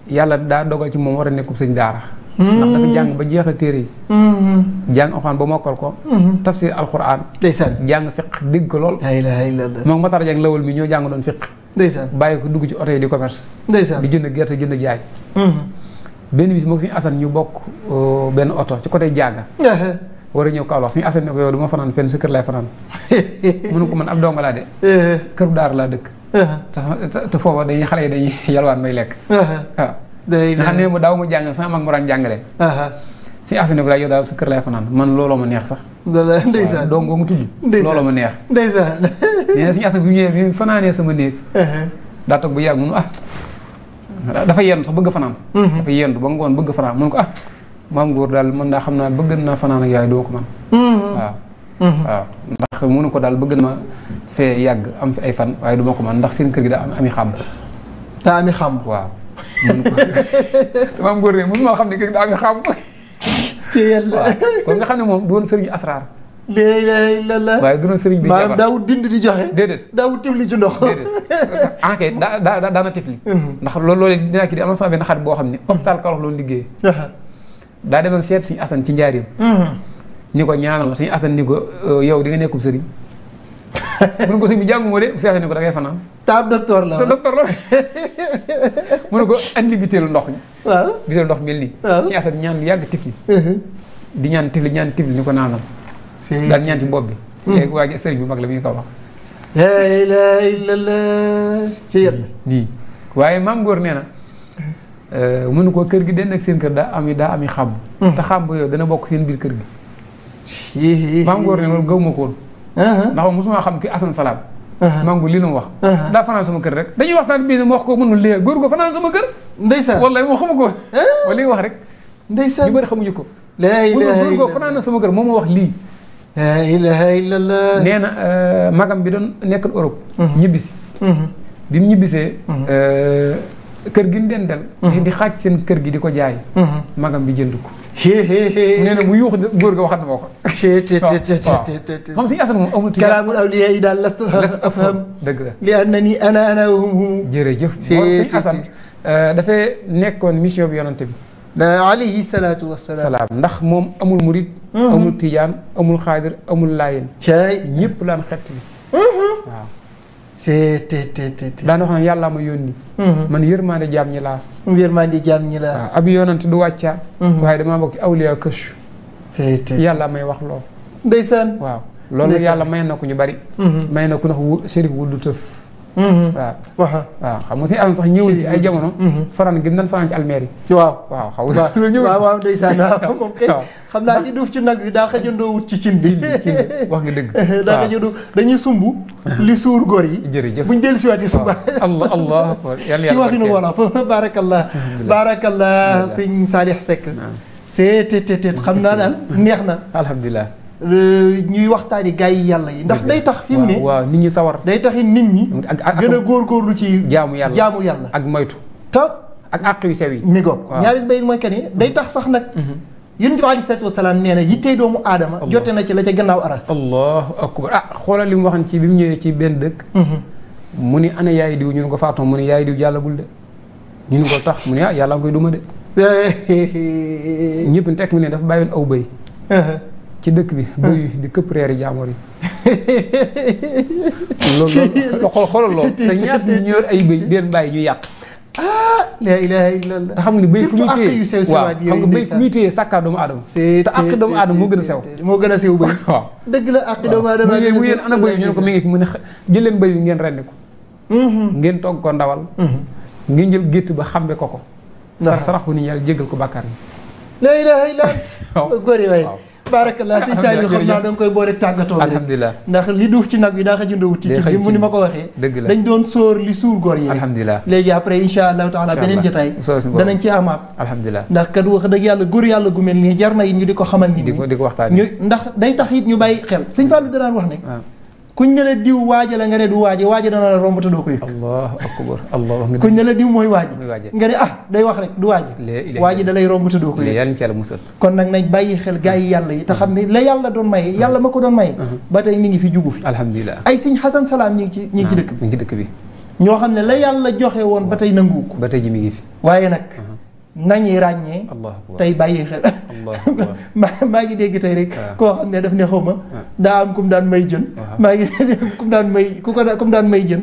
yàlla daa dogal ci moom war a nekkub sëñ daara. Mm-hmm. ndax dafa jàng ba jeexal téere yi. Mm-hmm. jàng alxuraan ba mokkal ko. Mm-hmm. tafsir alxuraan. ndeysaan jàng fiq dégg ko lool. la ilaha illallah moom Matar mi ñoo jàng doon fiq. ndeysaan ko dugg ci oto yi di commerce. ndeysaan di jënd gerte jënd jaay. benn bis moo euh, benn oto ci côté jaaga. a ñëw Kaolack suñu asan ne ko yow du ma fanaan fenn sa kër lay fanaan. mënu man ab donga laa de. kër bu daara laa dëkk. te foofa dañuy xale yi dañuy yalwaan may lekk. nga xam ne mu daaw mu jàng daal fanaan man looloo ma neex sax ndeysaan doom ma neex ndeysaan nee na suñu asini bi mu ñëwee bi fanaanee sama ah, bëgg fanaan mhm. dafa yendu ba ngoon mun ko ah, daal xam naa bëgg naa fanaan ak yaay doo ko man mhm. waaw mhm. waaw ndax mënu daal na ma fee yàgg am fi ay fan waaye du ko man ndax seen kër gi daa am ami xàmb daa ami xàmb maam góor ne mënu maa xam ne kii daa nga xam. ci yàlla xam ne moom doon sëriñu asraar. léeg-léeg la la waaye doon sëriñ bi. maanaam daawut bind di joxe. déedéet daawut tifli ci ndox. déedéet en fait daa daa tifli. Mhm. ndax loolu loolee dinaa kii di am na sama boo xam ne. hôpital Kaolack loolu liggéeyee. daa demoon seet suñu asan ci njaarim. Mhm. ni ko ñaanal suñu asan ni ko euh, yow di nga nekkub sëriñ. mu ne ko sëñ bi jàngu moo de fexe ne ko da ngay fanaan taab ko andi bitéelu ndox mi waaw bitéelu ndox mel nii si asat ñaan lu yàgg tifli uh-huh. di ñaan tifli ñaan tifli ni ko naanal daal ñaan ci bopp bi hmm. léegi waa ji bi mag nii waaye maam góor nee na uh-huh. eh, mu ko kër gi denn ak seen kër daa ami daa ami xàmb hmm. te xàmb yooyu dana bokk seen biir kër gi maam góor nee na loolu gaw ma ko ndax moom mosuma xam ki Assane Salam mangu lii la mu wax daa fanaan sama kër rek dañuy waxtaan bii ne ma wax ko mënul lee góor go fanaan sama kër ndeysaan wallaay moo xamu ko wala li nga wax rek ndeysaan ñu bëri xamuñu ko góor go fanaan na sama kër moom moo wax lii laa ilaha illallah nee na euh, magam bi doon nekk Europe ñibbisi bi mu ñibbisee kër gi ñu den dal mhm. di xaaj seen kër gi di ko jaay mhm. magam bi jënd ko nee na mu yuux góor ga waxat na moo ko moom suñu asan moom amul kalaamul awliya yi daal las afham dëgg la li annani ana ana hum jërëjëf moom suñu asan euh, dafay nekkoon mission bi yonante bi alayhi salaatu wasalaam ndax moom amul murit mhm. amul tijaan amul xaadir amul laayeen ñëpp laan xett bi waaw daan wax ne yàlla ma yónni mm-hmm. man yërmande jaam ñi laa yërmande jaam ñi laa waaw ab yoonante du wàccaa mm-hmm. waaye damaa bokk awliya këchu yàlla may wax loo ndeysaan waaw loolu yàlla may na ko ñu bari mm-hmm. may na ku ndax Chérif Wouldou Mm-hmm. Mm-hmm. waaw waaw xam nga si alal sax ñëwoon ci ay jamono fanaan gi nan fanaan ci almeer yi waaw xaw waaw waaw ndeysaan xam naa ci duuf ci nag bi daa xajandoo wut ci cin bi wax nga dëgg daa xajandoo dañuy sumb li suur góor yi jërëjëf buñ dellu siwaat ci sumba allah allah ci wax dina wala fa baarakallah baarakallah sëñ Saalix Seck seet teet xam naa daal neex na alhamdulilah Euh, ñuy waxtaani gars yi yàlla yi ndax day tax fi mu ne waaw nit ñi sawar day taxi nit ñi gën a ci jaamu yàlla jaamu yàlla ak moytu te ak àq yu sew yi mi goog ñaari bayit mooy kan day tax sax nag mhm. yonent bi aleyhi salaatu wa salaam doomu aadama jote na ci la ca gannaaw aras allahu akbar ah li mu waxan ci bi mu ci benn dëkk mhm. mu ni ana yaay diw ñu ne ko faatuma mu ni yaay diw jàllagul de ñu ne ko tax mu ni ah yàlla nga koy duma de ñëpp teg mu ne dafa bàyyoon aw bëy uh-huh. ci dëkk bi bëy di këpp reeri jaamoor yi loolu xool xoolal loolu te ñaata ñor ay bëy deen bàyyi ñu yàq ah la ilaha illallah te xam nga ni béy ku muy téye surtout waaw xam nga béy ku muy téye sàkkaa doomu aadama te àq doomu aadama moo gën a sew moo gën a sew béy waaw dëgg la àq doomu aadama mu yéen ana béy ñu ne ko mi ngi fi mu ne jël leen béy bi ngeen rendi ko mm-hmm. ngeen togg ko ndawal mm-hmm. ngeen jël gétt ba xambe ko ko sar sarax bu ni yàlla jégal ko bàkkaar bi la ilaha illallah góor yi waaye baarakallaa sëñ Saliou xam naa da koy boole tàggatoo bi alhamdulilah ndax li duuf ci nag bi daa xëj a ndawut ci ci bi mu ni ma ko waxee dañ doon sóor li suur góor yi alhamdulilah léegi après insha allahu taala beneen jotaay danañ ci amaat ndax kat wax dëgg yàlla góor yàlla gu mel ni jar na ñu di ko xamal nit ñi di ko waxtaan ñu ndax day tax it ñu bàyyi xel sëñ Fallou da daan wax ne ah. kuñ ne la diw waaja la nga ne du waaji waaji dana la romb te doo ko yëg allahu akbar allah kuñ ne la diw mooy waaji nga ne ah day wax rek du waaji waaji da lay romb te doo ko yëg kon nag nañ bàyyi xel gaa yi yàlla yi te xam ne la yàlla doon maye yàlla ma ko doon maye uh-huh. ba tey mi ngi fi jugu fi alhamdulilah ay sëñ xasan salaam ñu ngi ci ñi ah, ngi ci dëkk bi ñoo xam ne la yàlla joxe woon ba tey nanguwu ko ba tey ji mi ngi fi waaye nag uh-huh. nañuy ràññee tey bàyyi xel maa maa ngi dégg tey rek ah. koo xam ne daf ne xaw ma ah. daa am kum daan may jën ah. maa ngi kum daan may ku ko kum daan may jën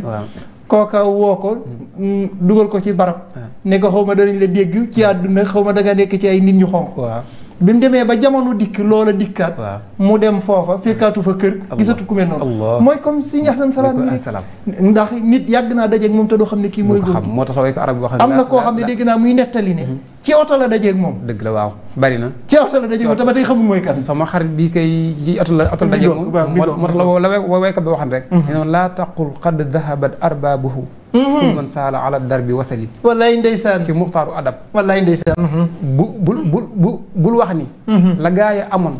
kooka woo ko hmm. mm, dugal ko ci barab ne xaw ma danañ la dégg ci àdduna xaw ma danga nekk ci ay nit ñu xonq bi mu demee ba jamono dikk loola dikkaat mu dem foofa fekkaatu fa kër gisatu ku mel noonu mooy comme si ñaxsan salaam ni ndax nit yàgg naa dajeeg moom te doo xam ne kii mooy moo tax ko arab wax na koo xam ne dégg naa moom dëgg la waaw bari na ci la dajeeg moom ba tey xamul mooy kan sama xarit bi kay ci oto la oto la dajeeg moom moo tax la waykat ba waxan rek ne noonu laa taqul qad dahabat arbaabuhu ku mm-hmm. man saala ala darbi wasali wallaay ndeysaan ci muxtaaru adab wallaay ndeysaan mm-hmm. bu bul bul bu bul wax ni mm-hmm. la gaa yi amoon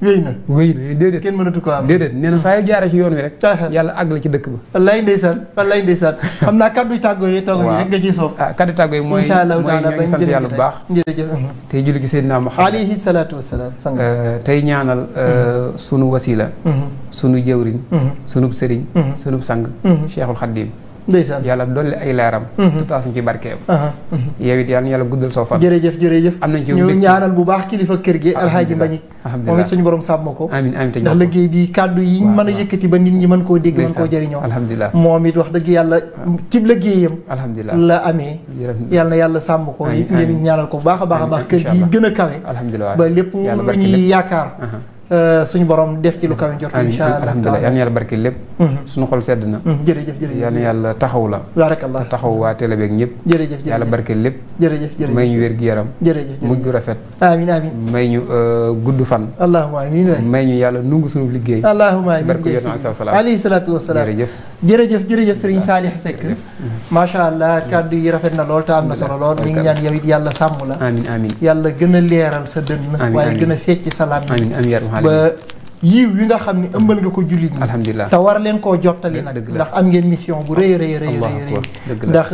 wéy na wéy na déedéet kenn mënatu ko am déedéet nee na saa yu jaaree ci yoon wi rek yàlla àgg la ci dëkk ba wallaay ndeysaan wallaay ndeysaan xam naa kaddu tàggoo yi tàggoo yi rek nga ciy soof ah kaddu tàggoo yi mooy incha allah mooy ñu ngi sant yàlla bu baax jërëjëf tey julli gi Seydina Muhammad alayhi salaatu wasalaam sang eh, tey ñaanal eh, sunu wasila sunu jëwriñ sunub sëriñ sunub sang Cheikhul Khadim ndeysaan yàlla dolli ay leeram mhm. te taas ñu ci barkeem mhm. yow it yàlla yàlla guddal soo fan jërëjëf ñu ñaanal bu baax kilifa kër gi alhaaji Mbagnick moom it suñu borom sàmm ko amiin ndax liggéey bi kàddu yi ñu mën a yëkkati ba nit ñi mën koo dégg mën koo jëriñoo alhamdulilah moom it wax dëgg yàlla cib liggéeyam la amee yàlla na yàlla sàmm ko it ngeen ñaanal ko bu baax a baax a baax kër gi gën a kawe ba lépp lu ñuy yaakaar Euh, suñu borom def ci lu kaw njort incha allah alhamdulilah yal na lépp mhm. suñu xol na mhm. jërëjëf yàlla taxaw la baarakallah taxaw waa télé beeg ñëpp jërëjëf yàlla barki lépp jërëjëf jërëjëf may ñu wér gi yaram jërëjëf mujj gu rafet amiin amiin may ñu euh, gudd fan allahumma amiin may ñu yàlla nungu suñu liggéey allahumma amiin barki sa bi salaam alayhi salaatu wasalaam jërëjëf jërëjëf jërëjëf sëriñ Saalix Seck mhm. allah kàddu yi rafet na lool te am na solo lool yàlla sàmm la amiin yàlla gën leeral sa dënn waaye gën a fecc sa lam ba yiw wi nga xam ne ëmbal nga ko jullit ñi alhamdulilah te war leen koo jottali nag ndax am ngeen mission bu rëy rëy rëy rëy ndax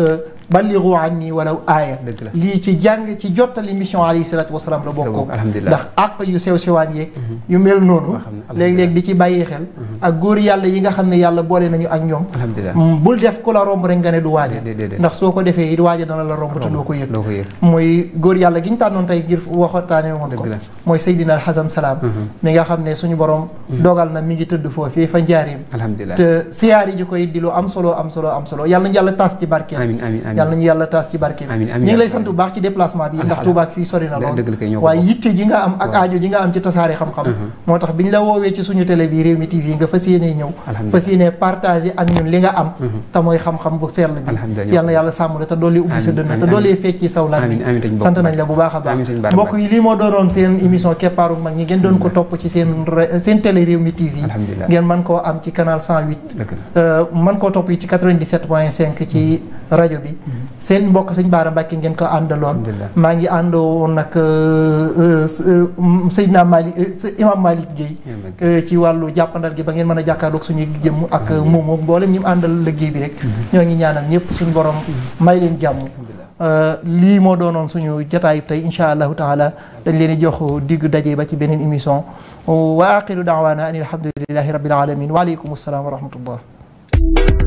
balligu anni walaw aaya lii ci jàng ci jottali mission alayhi salaatu wasalaam la bokkoo ndax àq yu sew sewaan yeeg mhm. yu mel noonu léeg-léeg di ci bàyyee xel mhm. ak góor yàlla yi nga xam ne yàlla boole nañu ak ñoom mm, bul def ku la romb rek nga ne du waaja ndax soo ko defee it waaja dana la romb te doo ko yëg mooy góor yàlla gi ñu tànnoon tey ngir waxtaane woon ko mooy Seydina Hasan Salaam mhm. mi nga xam ne suñu borom dogal na mi ngi tëdd foofii fa njaareem te siyaar yi koy di lu am solo am solo am solo yàlla na yàlla tas ci barkeem yàlla nañu yàlla taas ci barke bi ñu ngi lay sant bu baax ci déplacement bi ndax Touba ak fii sori na lool waaye yitte ji nga am ak aajo ji nga am ci tasaare xam-xam uh-huh. moo tax biñ la woowee ci suñu télé bi Rewmi TV uh-huh. xam-xam bu la te doolee ubbi sa dënn te doolee fecc ci saw lan bi TV ngeen man koo am ci canal euh, man koo topp yi ci 97 point ci hmm. rajo bi seen mbokk sëñ Baara Mbàkke ngeen ko àndaloon maa ngi àndoon nag euh, euh, euh, Seydina Malick Imam Malick Guèye ci wàllu jàppandal gi ba ngeen mën a jàkkaarloog suñu jëmm ak moomoo mboolem ñi mu àndal liggéey bi rek ñoo ngi ñaanal ñëpp suñu borom may leen jàmm lii moo doonoon suñu jataayub tey insha allahu taala dañ leen jox digg daje ba ci beneen émission wa aqiru daawaana an alhamdulilahi rabbil alamin wa aleykum assalaam wa rahmatullah